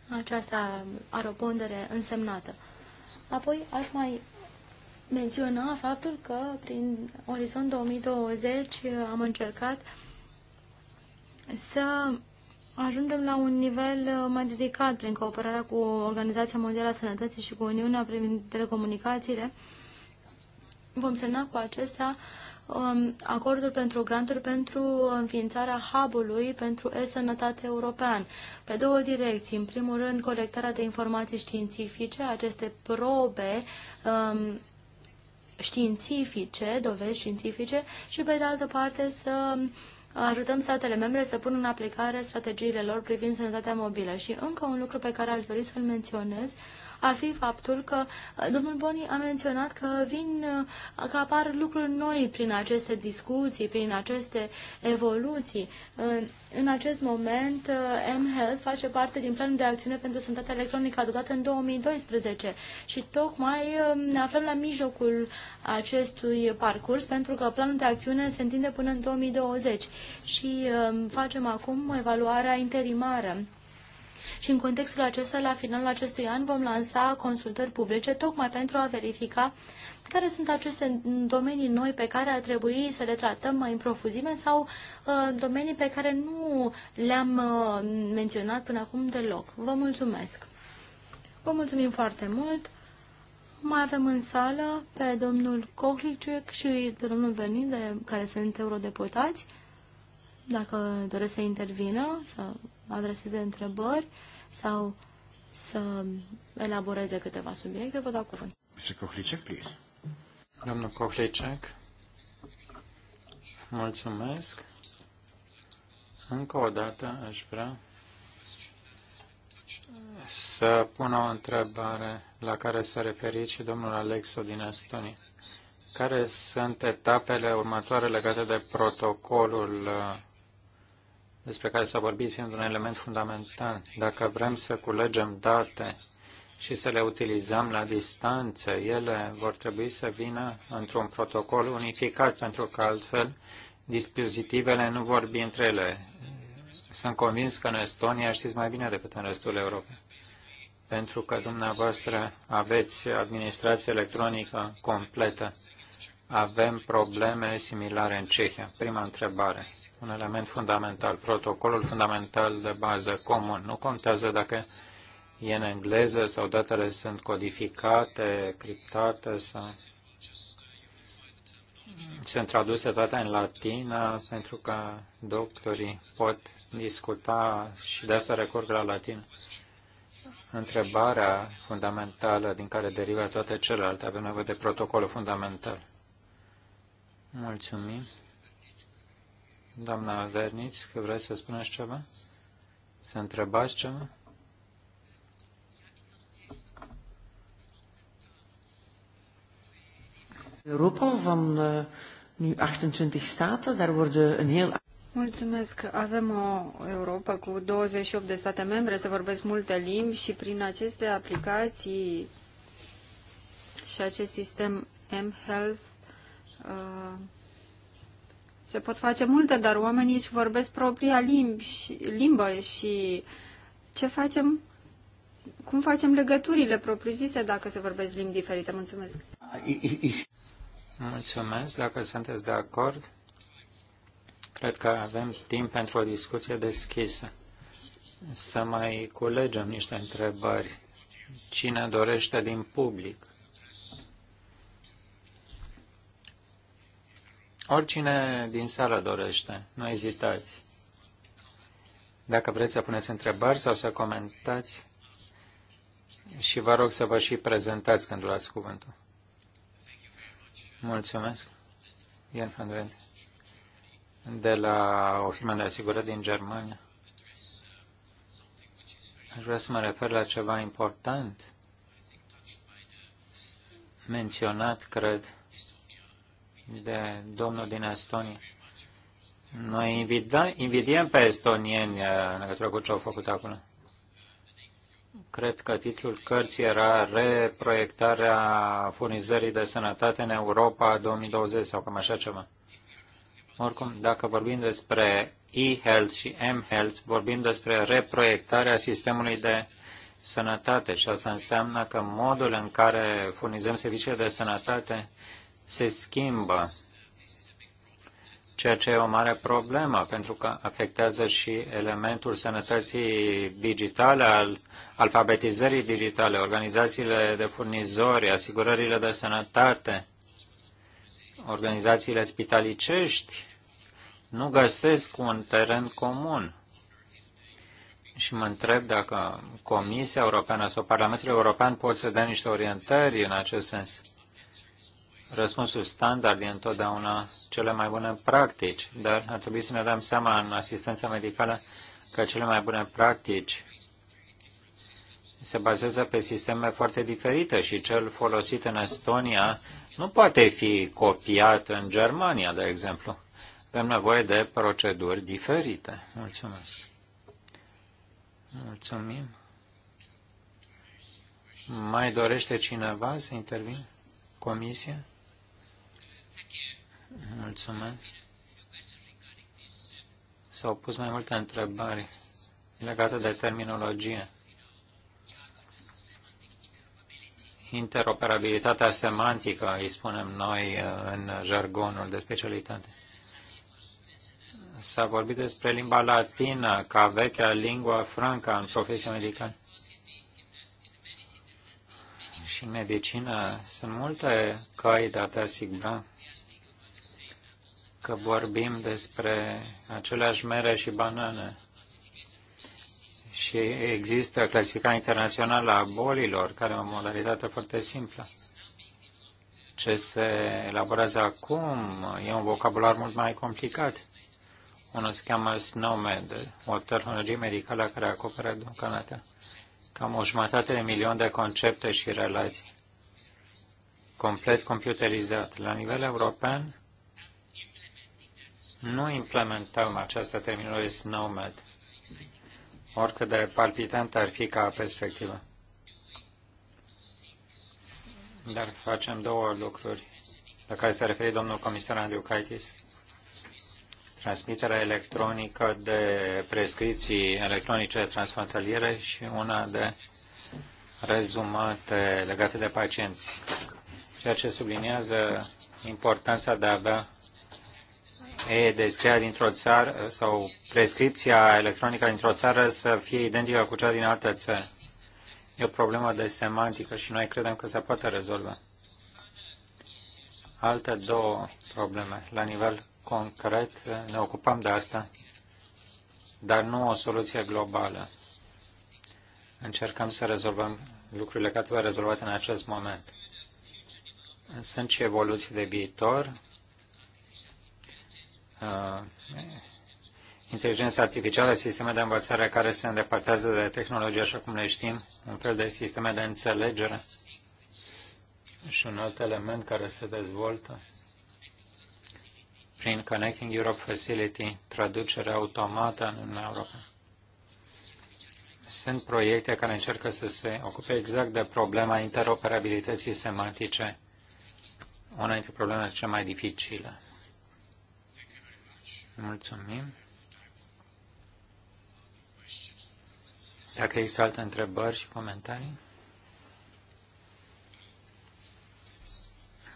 Aceasta are o pondere însemnată. Apoi aș mai menționa faptul că prin Orizont 2020 uh, am încercat să ajungem la un nivel uh, mai dedicat prin cooperarea cu Organizația Mondială a Sănătății și cu Uniunea prin telecomunicațiile. Vom semna cu acestea uh, Um, acordul pentru granturi pentru înființarea hub-ului pentru e-sănătate european. Pe două direcții. În primul rând, colectarea de informații științifice, aceste probe um, științifice, dovezi științifice și, pe de altă parte, să ajutăm statele membre să pună în aplicare strategiile lor privind sănătatea mobilă. Și încă un lucru pe care aș dori să-l menționez, uh, ar fi faptul că uh, domnul Boni a menționat că vin, uh, că apar lucruri noi prin aceste discuții, prin aceste evoluții. În acest moment, uh, mHealth face parte din planul de acțiune pentru sănătatea electronică adoptat în 2012 și tocmai um, ne aflăm la mijlocul acestui parcurs pentru că planul de acțiune se întinde până în 2020 și um, facem acum evaluarea interimară și în contextul acesta, la finalul acestui an, vom lansa consultări publice tocmai pentru a verifica care sunt aceste domenii noi pe care ar trebui să le tratăm mai în profuzime sau uh, domenii pe care nu le-am uh, menționat până acum deloc. Vă mulțumesc! Vă mulțumim foarte mult! Mai avem în sală pe domnul Kohlicek și domnul Vernin, de, care sunt eurodeputați, dacă doresc să intervină, să adreseze întrebări sau să elaboreze câteva subiecte, vă dau cuvânt. Mr. Kohlicek, please. Domnul Kohlicek, mulțumesc. Încă o dată aș vrea să pun o întrebare la care s-a referit și domnul Alexo din Estonia. Care sunt etapele următoare legate de protocolul uh, despre care s-a vorbit fiind un element fundamental. Dacă vrem să culegem date și să le utilizăm la distanță, ele vor trebui să vină într-un protocol unificat, pentru că altfel dispozitivele nu vor vorbi între ele. Sunt convins că în Estonia știți mai bine decât în restul Europei, pentru că dumneavoastră aveți administrație electronică completă avem probleme similare în Cehia. Prima întrebare, un element fundamental, protocolul fundamental de bază comun. Nu contează dacă e în engleză sau datele sunt codificate, criptate sau sunt traduse toate în latină pentru că doctorii pot discuta și de asta recurg la latină. Întrebarea fundamentală din care derivă toate celelalte, avem nevoie de protocolul fundamental. Mulțumim. Doamna Verniț, că vreți să spuneți ceva? Să întrebați ceva? Europa van eh, nu 28 state, dar worden een heel... Mulțumesc. Avem o Europa cu 28 de state membre, se vorbesc multe limbi și prin aceste aplicații și acest sistem mHealth Uh, se pot face multe, dar oamenii își vorbesc propria limbi, și, limbă și ce facem, cum facem legăturile propriu-zise dacă se vorbesc limbi diferite? Mulțumesc! Mulțumesc, dacă sunteți de acord. Cred că avem timp pentru o discuție deschisă. Să mai culegem niște întrebări. Cine dorește din public? Oricine din sală dorește, nu ezitați. Dacă vreți să puneți întrebări sau să comentați, și vă rog să vă și prezentați când luați cuvântul. Mulțumesc. Ian van Wendt, de la o firmă de asigurări din Germania. Aș vrea să mă refer la ceva important menționat, cred, de domnul din Estonia. Noi invidiem pe estonieni uh, în legătură cu ce au făcut acolo. Cred că titlul cărții era Reproiectarea furnizării de sănătate în Europa 2020 sau cam așa ceva. Oricum, dacă vorbim despre e-health și m-health, vorbim despre reproiectarea sistemului de sănătate și asta înseamnă că modul în care furnizăm serviciile de sănătate se schimbă, ceea ce e o mare problemă, pentru că afectează și elementul sănătății digitale, al alfabetizării digitale, organizațiile de furnizori, asigurările de sănătate, organizațiile spitalicești, nu găsesc un teren comun. Și mă întreb dacă Comisia Europeană sau Parlamentul European pot să dea niște orientări în acest sens răspunsul standard e întotdeauna cele mai bune practici, dar ar trebui să ne dăm seama în asistența medicală că cele mai bune practici se bazează pe sisteme foarte diferite și cel folosit în Estonia nu poate fi copiat în Germania, de exemplu. Avem nevoie de proceduri diferite. Mulțumesc. Mulțumim. Mai dorește cineva să intervină? Comisia? Mulțumesc. S-au pus mai multe întrebări legate de terminologie. Interoperabilitatea semantică, îi spunem noi uh, în jargonul de specialitate. S-a vorbit despre limba latină ca vechea lingua franca în profesia medicală și în medicină sunt multe căi de a te asigura că vorbim despre aceleași mere și banane. Și există clasificarea internațională a bolilor, care e o modalitate foarte simplă. Ce se elaborează acum e un vocabular mult mai complicat. Unul se cheamă SNOMED, o tehnologie medicală care acoperă deocamdată cam o jumătate de milion de concepte și relații, complet computerizat. La nivel european, nu implementăm această terminologie SNOMED, oricât de palpitant ar fi ca perspectivă. Dar facem două lucruri la care s-a referit domnul comisar Andriukaitis. Transmiterea electronică de prescripții electronice transfrontaliere și una de rezumate legate de pacienți, ceea ce subliniază importanța de a avea e-descrierea deci dintr-o țară sau prescripția electronică dintr-o țară să fie identică cu cea din altă țară. E o problemă de semantică și noi credem că se poate rezolva. Alte două probleme. La nivel concret ne ocupăm de asta, dar nu o soluție globală. Încercăm să rezolvăm lucrurile care trebuie rezolvate în acest moment. Sunt și evoluții de viitor uh, inteligența artificială, sisteme de învățare care se îndepărtează de tehnologie, așa cum le știm, un fel de sisteme de înțelegere și un alt element care se dezvoltă prin Connecting Europe Facility, traducerea automată în Uniunea Europeană. Sunt proiecte care încearcă să se ocupe exact de problema interoperabilității semantice, una dintre problemele cele mai dificile. Mulțumim. Dacă există alte întrebări și comentarii?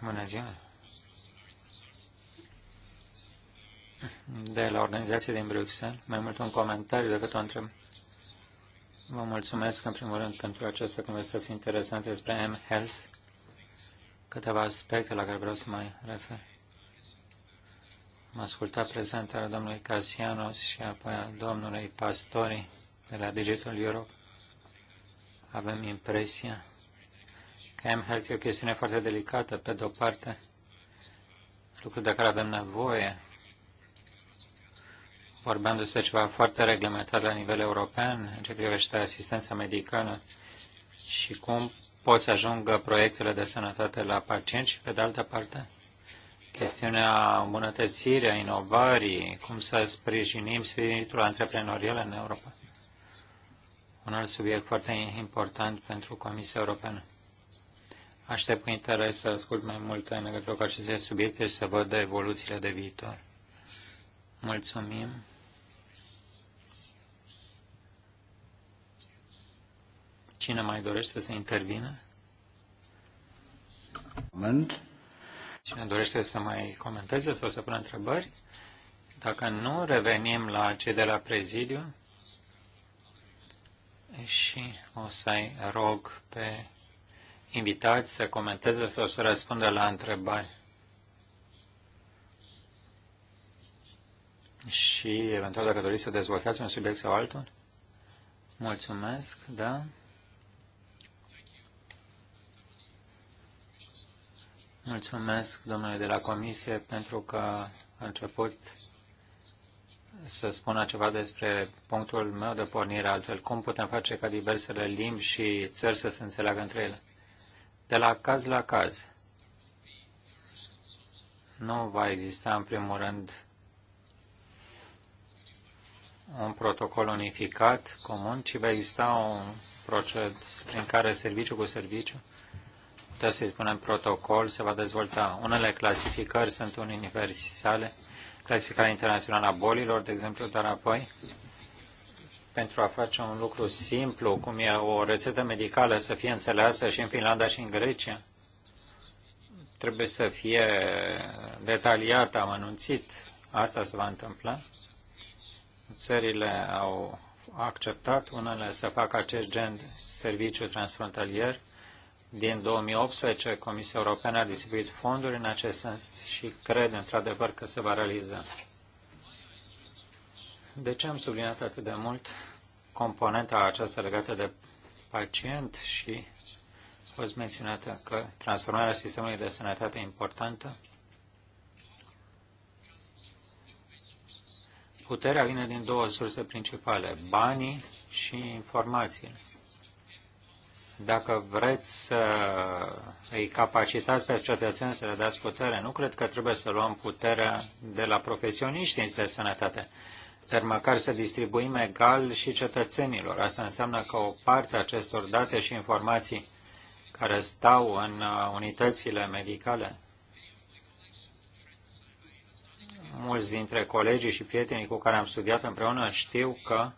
Bună ziua! De la organizație din Bruxelles, mai mult un comentariu decât o întrebare. Vă mulțumesc în primul rând pentru această conversație interesantă despre M-Health. Câteva aspecte la care vreau să mai refer. Am ascultat prezentarea domnului Casianos și apoi a domnului Pastori de la Digital Europe. Avem impresia că am e o chestiune foarte delicată, pe de-o parte, lucru de care avem nevoie. Vorbeam despre ceva foarte reglementat la nivel european, în ce privește asistența medicală și cum pot să ajungă proiectele de sănătate la pacienți și, pe de altă parte, chestiunea îmbunătățirii, a inovării, cum să sprijinim spiritul antreprenorial în Europa. Un alt subiect foarte important pentru Comisia Europeană. Aștept cu interes să ascult mai multe în legătură cu aceste subiecte și să văd evoluțiile de viitor. Mulțumim! Cine mai dorește să intervină? Moment. Cine dorește să mai comenteze sau să pună întrebări? Dacă nu, revenim la cei de la prezidiu și o să-i rog pe invitați să comenteze sau să răspundă la întrebări. Și, eventual, dacă doriți să dezvoltați un subiect sau altul, mulțumesc, da? Mulțumesc, domnule de la Comisie, pentru că a început să spună ceva despre punctul meu de pornire altfel. Cum putem face ca diversele limbi și țări să se înțeleagă între ele? De la caz la caz. Nu va exista, în primul rând, un protocol unificat, comun, ci va exista un proces prin care serviciu cu serviciu putea să-i spunem protocol, se va dezvolta. Unele clasificări sunt universale, clasificarea internațională a bolilor, de exemplu, dar apoi pentru a face un lucru simplu, cum e o rețetă medicală să fie înțeleasă și în Finlanda și în Grecia, trebuie să fie detaliată, amănunțit. Asta se va întâmpla. Țările au acceptat unele să facă acest gen de serviciu transfrontalier din 2018, Comisia Europeană a distribuit fonduri în acest sens și cred într-adevăr că se va realiza. De ce am subliniat atât de mult componenta aceasta legată de pacient și a fost menționată că transformarea sistemului de sănătate importantă Puterea vine din două surse principale, banii și informațiile. Dacă vreți să îi capacitați pe cetățeni să le dați putere, nu cred că trebuie să luăm puterea de la profesioniști de sănătate, dar măcar să distribuim egal și cetățenilor. Asta înseamnă că o parte a acestor date și informații care stau în uh, unitățile medicale mulți dintre colegii și prietenii cu care am studiat împreună știu că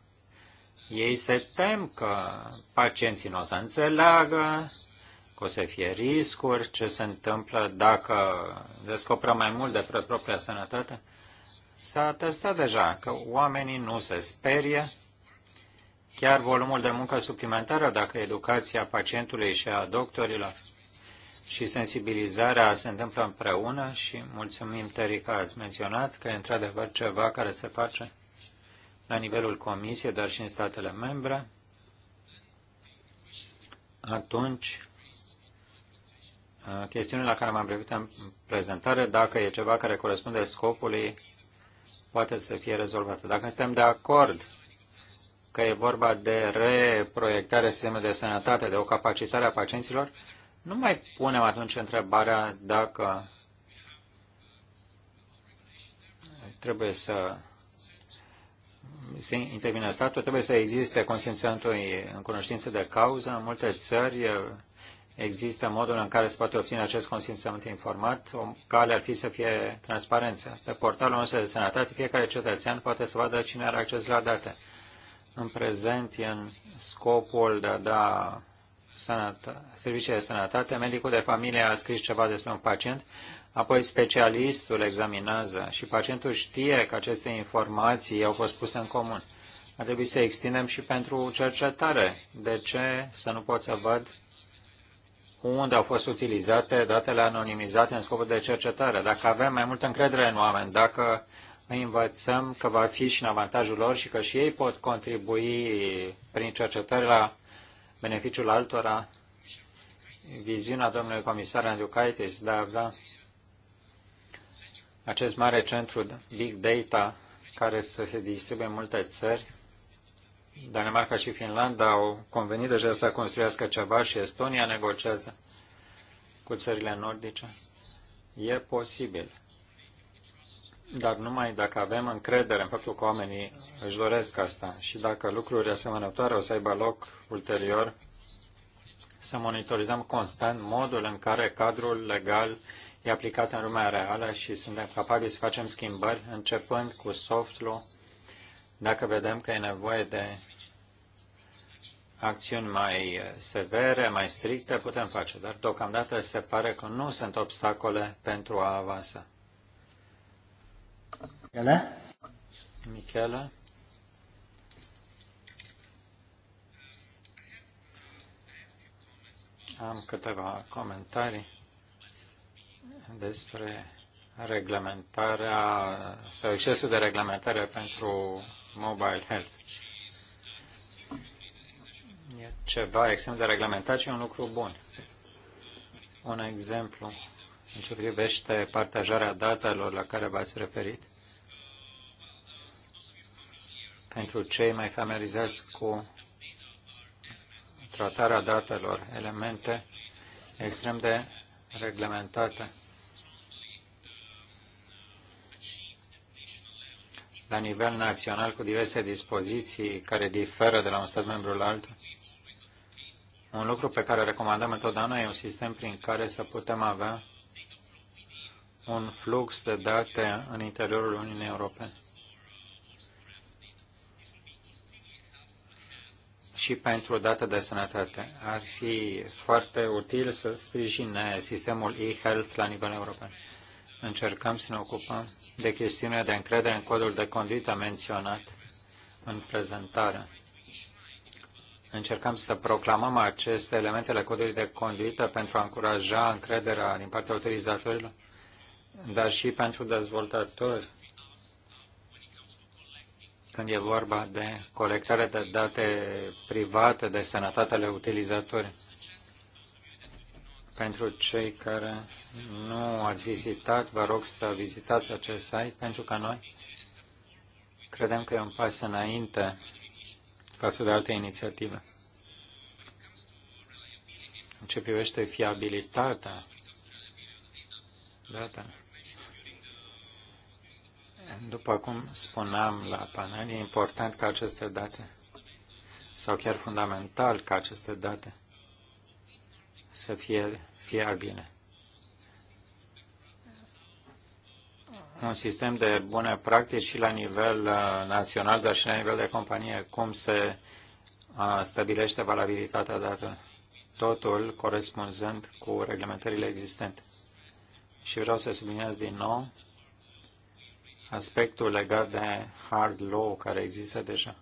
ei se tem că pacienții nu o să înțeleagă, că o să fie riscuri, ce se întâmplă dacă descoperă mai mult de pe propria sănătate. S-a testat deja că oamenii nu se sperie, chiar volumul de muncă suplimentară, dacă educația pacientului și a doctorilor și sensibilizarea se întâmplă împreună și mulțumim, Terry, că ați menționat că e într-adevăr ceva care se face la nivelul Comisiei, dar și în statele membre, atunci uh, chestiunea la care m-am privit în prezentare, dacă e ceva care corespunde scopului, poate să fie rezolvată. Dacă suntem de acord că e vorba de reproiectarea sistemului de sănătate, de o capacitare a pacienților, nu mai punem atunci întrebarea dacă trebuie să se intervine statul, trebuie să existe consimțământul în cunoștință de cauză. În multe țări există modul în care se poate obține acest consimțământ informat. O cale ar fi să fie transparență. Pe portalul nostru de sănătate, fiecare cetățean poate să vadă cine are acces la date. În prezent, în scopul de a da sănătate, servicii de sănătate, medicul de familie a scris ceva despre un pacient, Apoi specialistul examinează și pacientul știe că aceste informații au fost puse în comun. Ar trebui să extindem și pentru cercetare. De ce să nu pot să văd unde au fost utilizate datele anonimizate în scopul de cercetare? Dacă avem mai multă încredere în oameni, dacă îi învățăm că va fi și în avantajul lor și că și ei pot contribui prin cercetări la beneficiul altora, viziunea domnului comisar Andrew de da, da acest mare centru Big Data care să se distribuie în multe țări. Danemarca și Finlanda au convenit deja să construiască ceva și Estonia negociază cu țările nordice. E posibil, dar numai dacă avem încredere în faptul că oamenii își doresc asta și dacă lucruri asemănătoare o să aibă loc ulterior, să monitorizăm constant modul în care cadrul legal e aplicată în lumea reală și suntem capabili să facem schimbări, începând cu soft law, dacă vedem că e nevoie de acțiuni mai severe, mai stricte, putem face, dar deocamdată se pare că nu sunt obstacole pentru a avansa. Michele? Michele? Am câteva comentarii despre reglementarea sau excesul de reglementare pentru mobile health. E ceva extrem de reglementat și un lucru bun. Un exemplu în ce privește partajarea datelor la care v-ați referit. Pentru cei mai familiarizați cu tratarea datelor, elemente extrem de reglementate la nivel național cu diverse dispoziții care diferă de la un stat membru la altul. Un lucru pe care recomandăm întotdeauna e un sistem prin care să putem avea un flux de date în interiorul Uniunii Europene. și pentru data de sănătate. Ar fi foarte util să sprijine sistemul e-health la nivel european. Încercăm să ne ocupăm de chestiunea de încredere în codul de conduită menționat în prezentare. Încercăm să proclamăm aceste elemente ale codului de conduită pentru a încuraja încrederea din partea autorizatorilor, dar și pentru dezvoltatori când e vorba de colectarea de date private de sănătate ale utilizatorilor. Pentru cei care nu ați vizitat, vă rog să vizitați acest site, pentru că noi credem că e un pas înainte față de alte inițiative. În ce privește fiabilitatea datelor, după cum spuneam la panel, e important ca aceste date, sau chiar fundamental ca aceste date, să fie fiabile. un sistem de bune practici și la nivel uh, național, dar și la nivel de companie, cum se uh, stabilește valabilitatea datelor, totul corespunzând cu reglementările existente. Și vreau să subliniez din nou aspectul legat de hard law care există deja.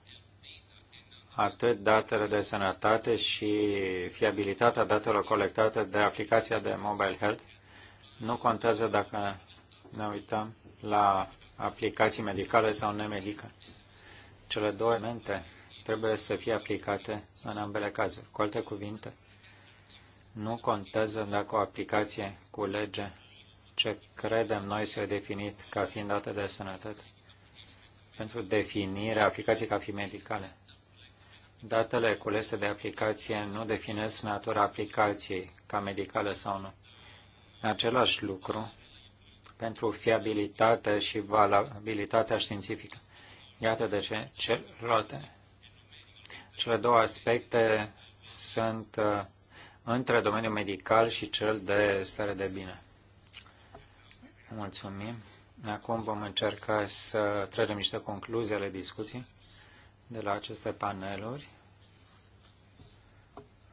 Atât datele de sănătate și fiabilitatea datelor colectate de aplicația de mobile health. Nu contează dacă ne uităm la aplicații medicale sau nemedicale. Cele două elemente trebuie să fie aplicate în ambele cazuri. Cu alte cuvinte, nu contează dacă o aplicație cu lege ce credem noi să definit ca fiind date de sănătate pentru definirea aplicației ca fi medicale. Datele culese de aplicație nu definesc natura aplicației ca medicală sau nu. în Același lucru pentru fiabilitate și valabilitatea științifică. Iată de ce celelalte. Cele două aspecte sunt uh, între domeniul medical și cel de stare de bine. Mulțumim. Acum vom încerca să tragem niște concluzii ale discuției de la aceste paneluri.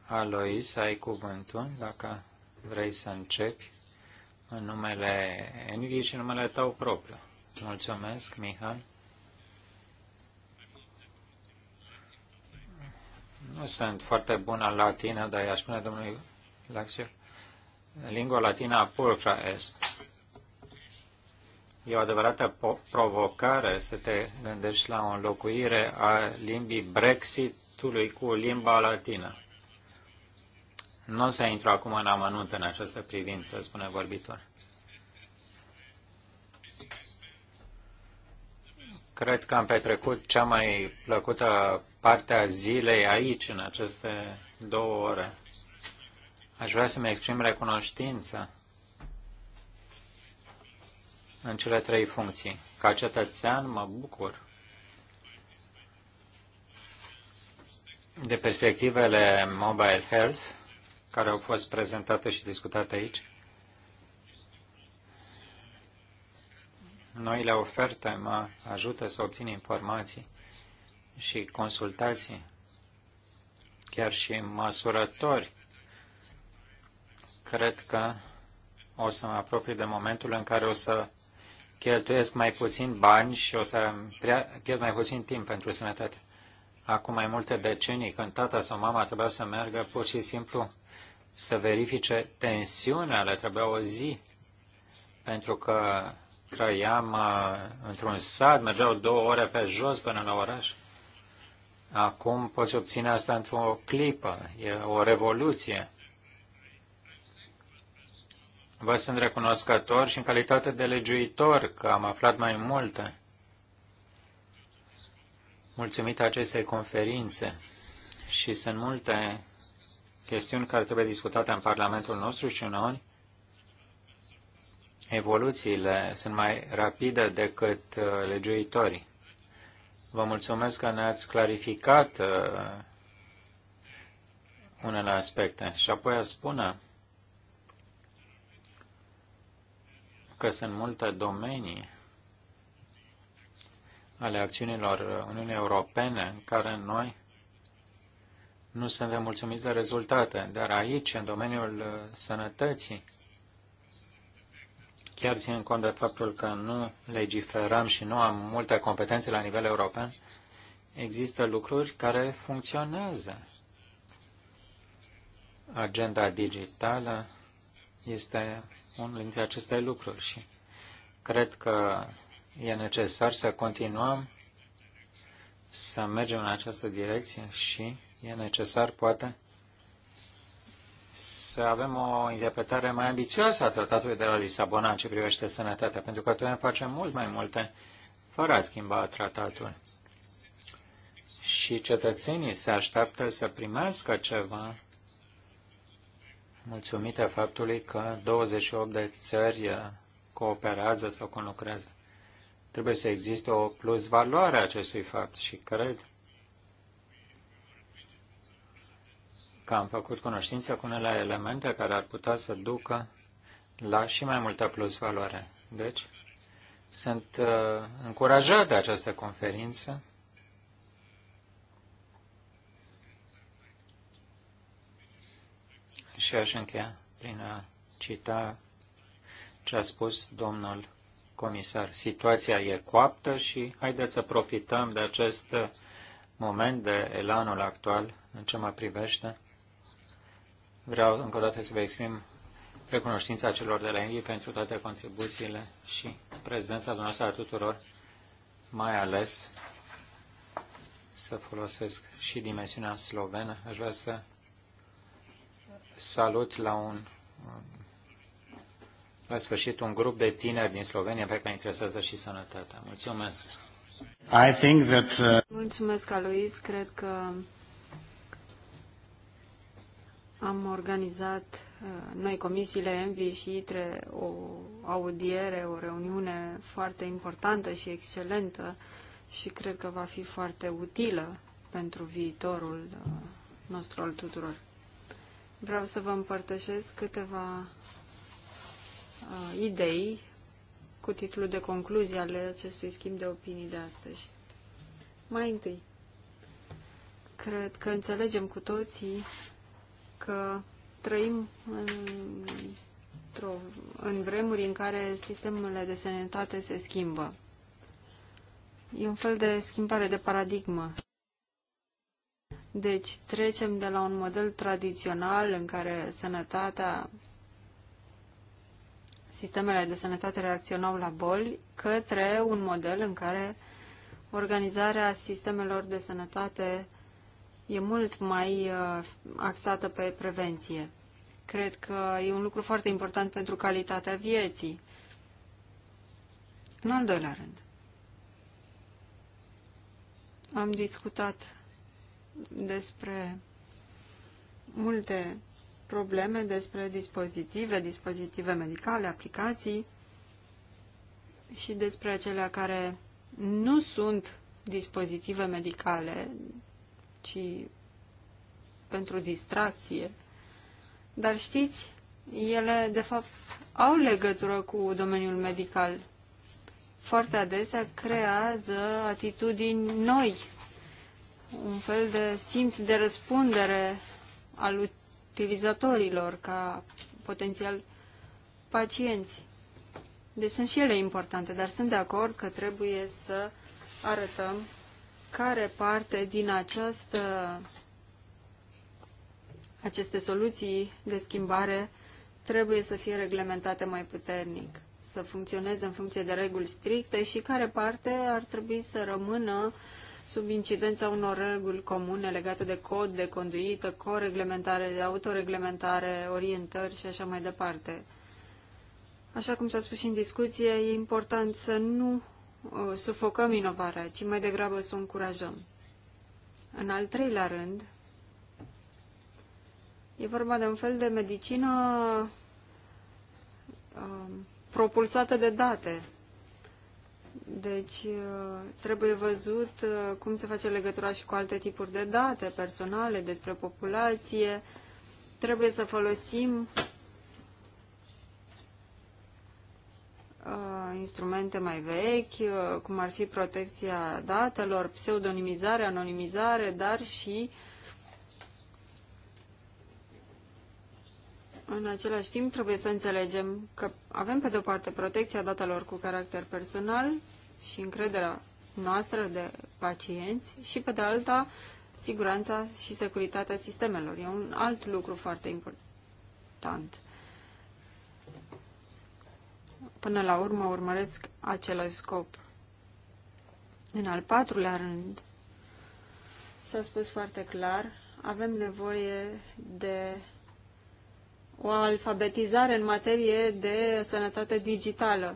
Alois, ai cuvântul, dacă vrei să începi în numele Envy și în numele tău propriu. Mulțumesc, Mihal. Nu sunt foarte bună latină, dar i-aș spune domnului Laxiu, lingua latina pulcra est. E o adevărată provocare să te gândești la o înlocuire a limbii Brexitului cu limba latină. Nu o să intru acum în amănunt în această privință, spune vorbitor. Cred că am petrecut cea mai plăcută parte a zilei aici, în aceste două ore. Aș vrea să-mi exprim recunoștința în cele trei funcții. Ca cetățean mă bucur de perspectivele Mobile Health, care au fost prezentate și discutate aici. Noile oferte mă ajută să obțin informații și consultații, chiar și măsurători. Cred că o să mă apropii de momentul în care o să cheltuiesc mai puțin bani și o să pierd mai puțin timp pentru sănătate. Acum mai multe decenii, când tata sau mama trebuia să meargă pur și simplu să verifice tensiunea, le trebuia o zi, pentru că trăiam uh, într-un sat, mergeau două ore pe jos până la oraș. Acum poți obține asta într-o clipă, e o revoluție Vă sunt recunoscător și în calitate de legiuitor că am aflat mai multe. Mulțumită acestei conferințe și sunt multe chestiuni care trebuie discutate în Parlamentul nostru și în Evoluțiile sunt mai rapide decât uh, legiuitorii. Vă mulțumesc că ne-ați clarificat uh, unele aspecte. Și apoi a spune că sunt multe domenii ale acțiunilor Uniunii Europene în care noi nu suntem mulțumiți de rezultate, dar aici, în domeniul uh, sănătății, chiar ținând cont de faptul că nu legiferăm și nu am multe competențe la nivel european, există lucruri care funcționează. Agenda digitală este unul dintre aceste lucruri și cred că e necesar să continuăm să mergem în această direcție și e necesar poate să avem o interpretare mai ambițioasă a tratatului de la Lisabona în ce privește sănătatea, pentru că atunci facem mult mai multe fără a schimba tratatul. Și cetățenii se așteaptă să primească ceva mulțumită faptului că 28 de țări uh, cooperează sau conlucrează. Trebuie să existe o plusvaloare a acestui fapt și cred că am făcut cunoștință cu unele elemente care ar putea să ducă la și mai multă plusvaloare. Deci, sunt uh, încurajat de această conferință Și aș încheia prin a cita ce a spus domnul comisar. Situația e coaptă și haideți să profităm de acest moment de elanul actual în ce mă privește. Vreau încă o dată să vă exprim recunoștința celor de la Indie pentru toate contribuțiile și prezența dumneavoastră a tuturor, mai ales să folosesc și dimensiunea slovenă. Aș vrea să salut la un la sfârșit un grup de tineri din Slovenia pe care interesează și sănătatea. Mulțumesc! I think that, uh... Mulțumesc, Alois. Cred că am organizat uh, noi comisiile ENVI și ITRE o audiere, o reuniune foarte importantă și excelentă și cred că va fi foarte utilă pentru viitorul uh, nostru al tuturor vreau să vă împărtășesc câteva uh, idei cu titlul de concluzie ale acestui schimb de opinii de astăzi. Mai întâi, cred că înțelegem cu toții că trăim în, în vremuri în care sistemele de sănătate se schimbă. E un fel de schimbare de paradigmă. Deci trecem de la un model tradițional în care sănătatea, sistemele de sănătate reacționau la boli, către un model în care organizarea sistemelor de sănătate e mult mai uh, axată pe prevenție. Cred că e un lucru foarte important pentru calitatea vieții. În al doilea rând, am discutat despre multe probleme, despre dispozitive, dispozitive medicale, aplicații și despre acelea care nu sunt dispozitive medicale, ci pentru distracție. Dar știți, ele de fapt au legătură cu domeniul medical. Foarte adesea creează atitudini noi un fel de simț de răspundere al utilizatorilor ca potențial pacienți. Deci sunt și ele importante, dar sunt de acord că trebuie să arătăm care parte din această, aceste soluții de schimbare trebuie să fie reglementate mai puternic, să funcționeze în funcție de reguli stricte și care parte ar trebui să rămână uh, sub incidența unor reguli comune legate de cod, de conduită, coreglementare, de autoreglementare, orientări și așa mai departe. Așa cum s-a spus și în discuție, e important să nu uh, sufocăm inovarea, ci mai degrabă să o încurajăm. În al treilea rând, e vorba de un fel de medicină uh, propulsată de date, deci uh, trebuie văzut uh, cum se face legătura și cu alte tipuri de date personale despre populație. Trebuie să folosim uh, instrumente mai vechi, cum ar fi protecția datelor, pseudonimizare, anonimizare, dar și în același timp trebuie să înțelegem că avem pe de o parte protecția datelor cu caracter personal și încrederea noastră de pacienți și, pe de alta, siguranța și securitatea sistemelor. E un alt lucru foarte important. Până la urmă urmăresc același scop. În al patrulea rând, s-a spus foarte clar, avem nevoie de o alfabetizare în materie de sănătate digitală.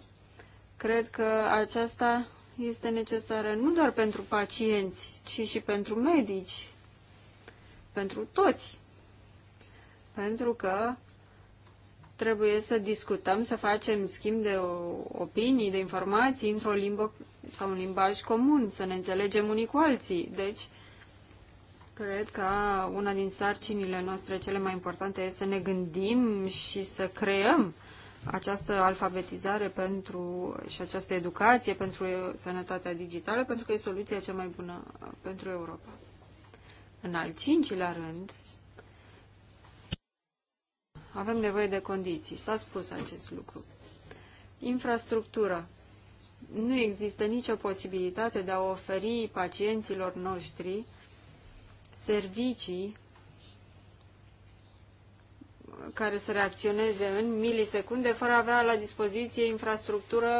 Cred că aceasta este necesară nu doar pentru pacienți, ci și pentru medici, pentru toți. Pentru că trebuie să discutăm, să facem schimb de opinii, de informații într-o limbă sau un limbaj comun, să ne înțelegem unii cu alții. Deci, cred că una din sarcinile noastre cele mai importante este să ne gândim și să creăm această alfabetizare pentru, și această educație pentru sănătatea digitală, pentru că e soluția cea mai bună pentru Europa. În al cincilea rând, avem nevoie de condiții. S-a spus acest lucru. Infrastructură. Nu există nicio posibilitate de a oferi pacienților noștri servicii care să reacționeze în milisecunde fără a avea la dispoziție infrastructură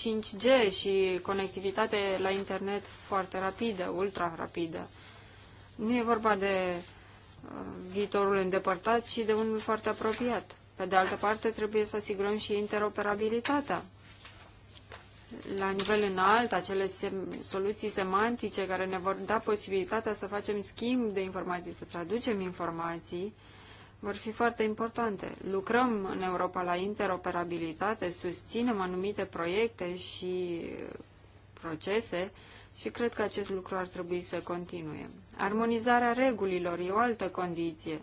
5G și conectivitate la internet foarte rapidă, ultra rapidă. Nu e vorba de uh, viitorul îndepărtat, ci de unul foarte apropiat. Pe de altă parte, trebuie să asigurăm și interoperabilitatea. La nivel înalt, acele sem- soluții semantice care ne vor da posibilitatea să facem schimb de informații, să traducem informații, vor fi foarte importante. Lucrăm în Europa la interoperabilitate, susținem anumite proiecte și uh, procese și cred că acest lucru ar trebui să continue. Armonizarea regulilor e o altă condiție.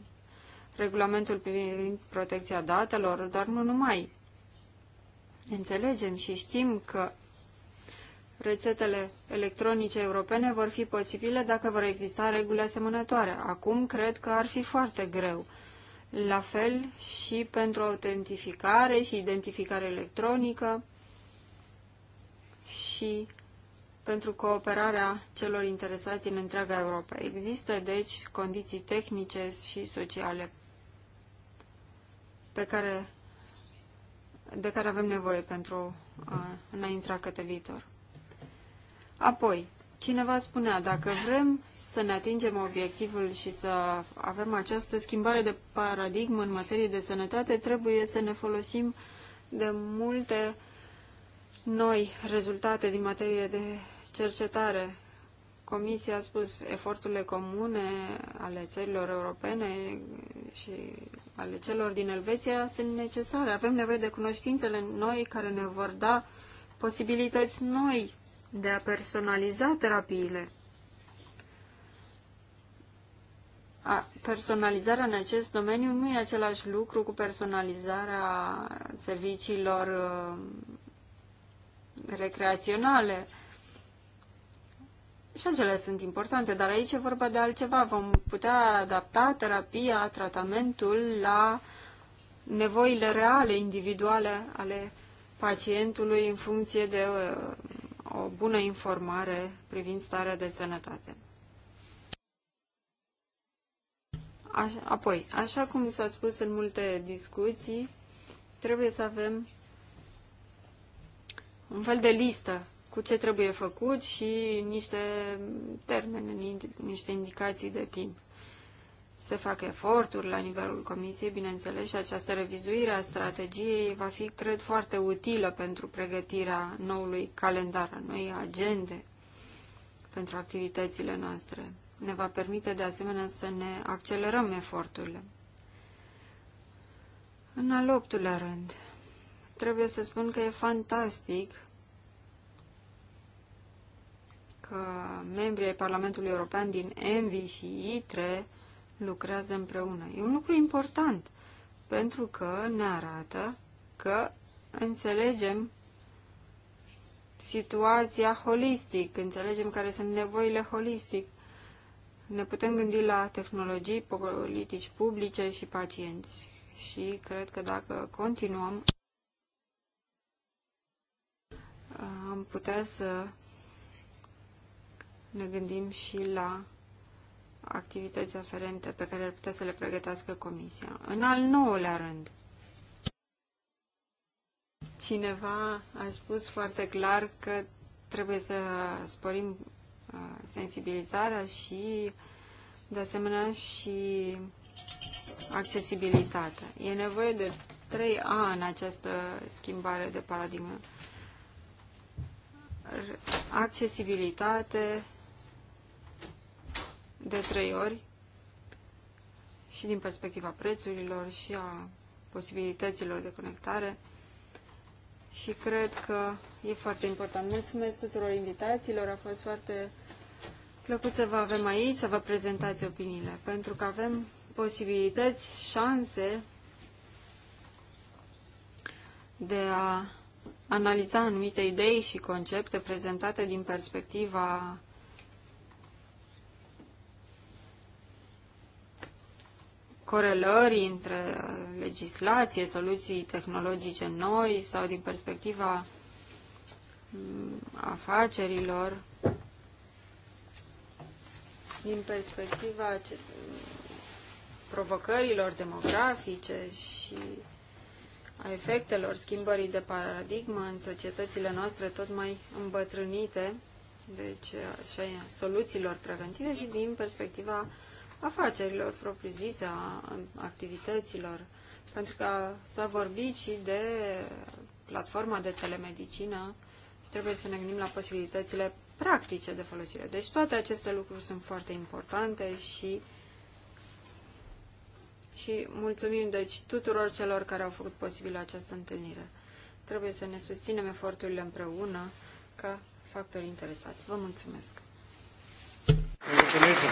Regulamentul privind protecția datelor, dar nu numai. Înțelegem și știm că rețetele electronice europene vor fi posibile dacă vor exista reguli asemănătoare. Acum cred că ar fi foarte greu la fel și pentru autentificare și identificare electronică și pentru cooperarea celor interesați în întreaga Europa. Există, deci, condiții tehnice și sociale pe care, de care avem nevoie pentru a intra către viitor. Apoi, cineva spunea, dacă vrem să ne atingem obiectivul și să avem această schimbare de paradigmă în materie de sănătate, trebuie să ne folosim de multe noi rezultate din materie de cercetare. Comisia a spus eforturile comune ale țărilor europene și ale celor din Elveția sunt necesare. Avem nevoie de cunoștințele noi care ne vor da posibilități noi de a personaliza terapiile. personalizarea în acest domeniu nu e același lucru cu personalizarea serviciilor uh, recreaționale. Și acele sunt importante, dar aici e vorba de altceva. Vom putea adapta terapia, tratamentul la nevoile reale, individuale ale pacientului în funcție de uh, o bună informare privind starea de sănătate. Așa, apoi, așa cum s-a spus în multe discuții, trebuie să avem un fel de listă cu ce trebuie făcut și niște termene, niște indicații de timp. Se fac eforturi la nivelul comisiei, bineînțeles, și această revizuire a strategiei va fi, cred, foarte utilă pentru pregătirea noului calendar, a noii agende pentru activitățile noastre ne va permite de asemenea să ne accelerăm eforturile. În al optulea rând, trebuie să spun că e fantastic că membrii ai Parlamentului European din ENVI și ITRE lucrează împreună. E un lucru important, pentru că ne arată că înțelegem situația holistic, înțelegem care sunt nevoile holistic ne putem gândi la tehnologii, politici publice și pacienți. Și cred că dacă continuăm, am putea să ne gândim și la activități aferente pe care ar putea să le pregătească comisia. În al nouălea rând, cineva a spus foarte clar că trebuie să sporim sensibilizarea și, de asemenea, și accesibilitatea. E nevoie de trei ani această schimbare de paradigmă. Accesibilitate de trei ori și din perspectiva prețurilor și a posibilităților de conectare și cred că e foarte important. Mulțumesc tuturor invitațiilor, a fost foarte plăcut să vă avem aici, să vă prezentați opiniile, pentru că avem posibilități, șanse de a analiza anumite idei și concepte prezentate din perspectiva corelări între legislație, soluții tehnologice noi sau din perspectiva mm, afacerilor, din perspectiva provocărilor demografice și a efectelor schimbării de paradigmă în societățile noastre tot mai îmbătrânite, deci și soluțiilor preventive și din perspectiva afacerilor propriu-zise, a activităților, pentru că s-a vorbit și de platforma de telemedicină și trebuie să ne gândim la posibilitățile practice de folosire. Deci toate aceste lucruri sunt foarte importante și și mulțumim deci tuturor celor care au făcut posibil această întâlnire. Trebuie să ne susținem eforturile împreună ca factori interesați. Vă mulțumesc! Congratulations.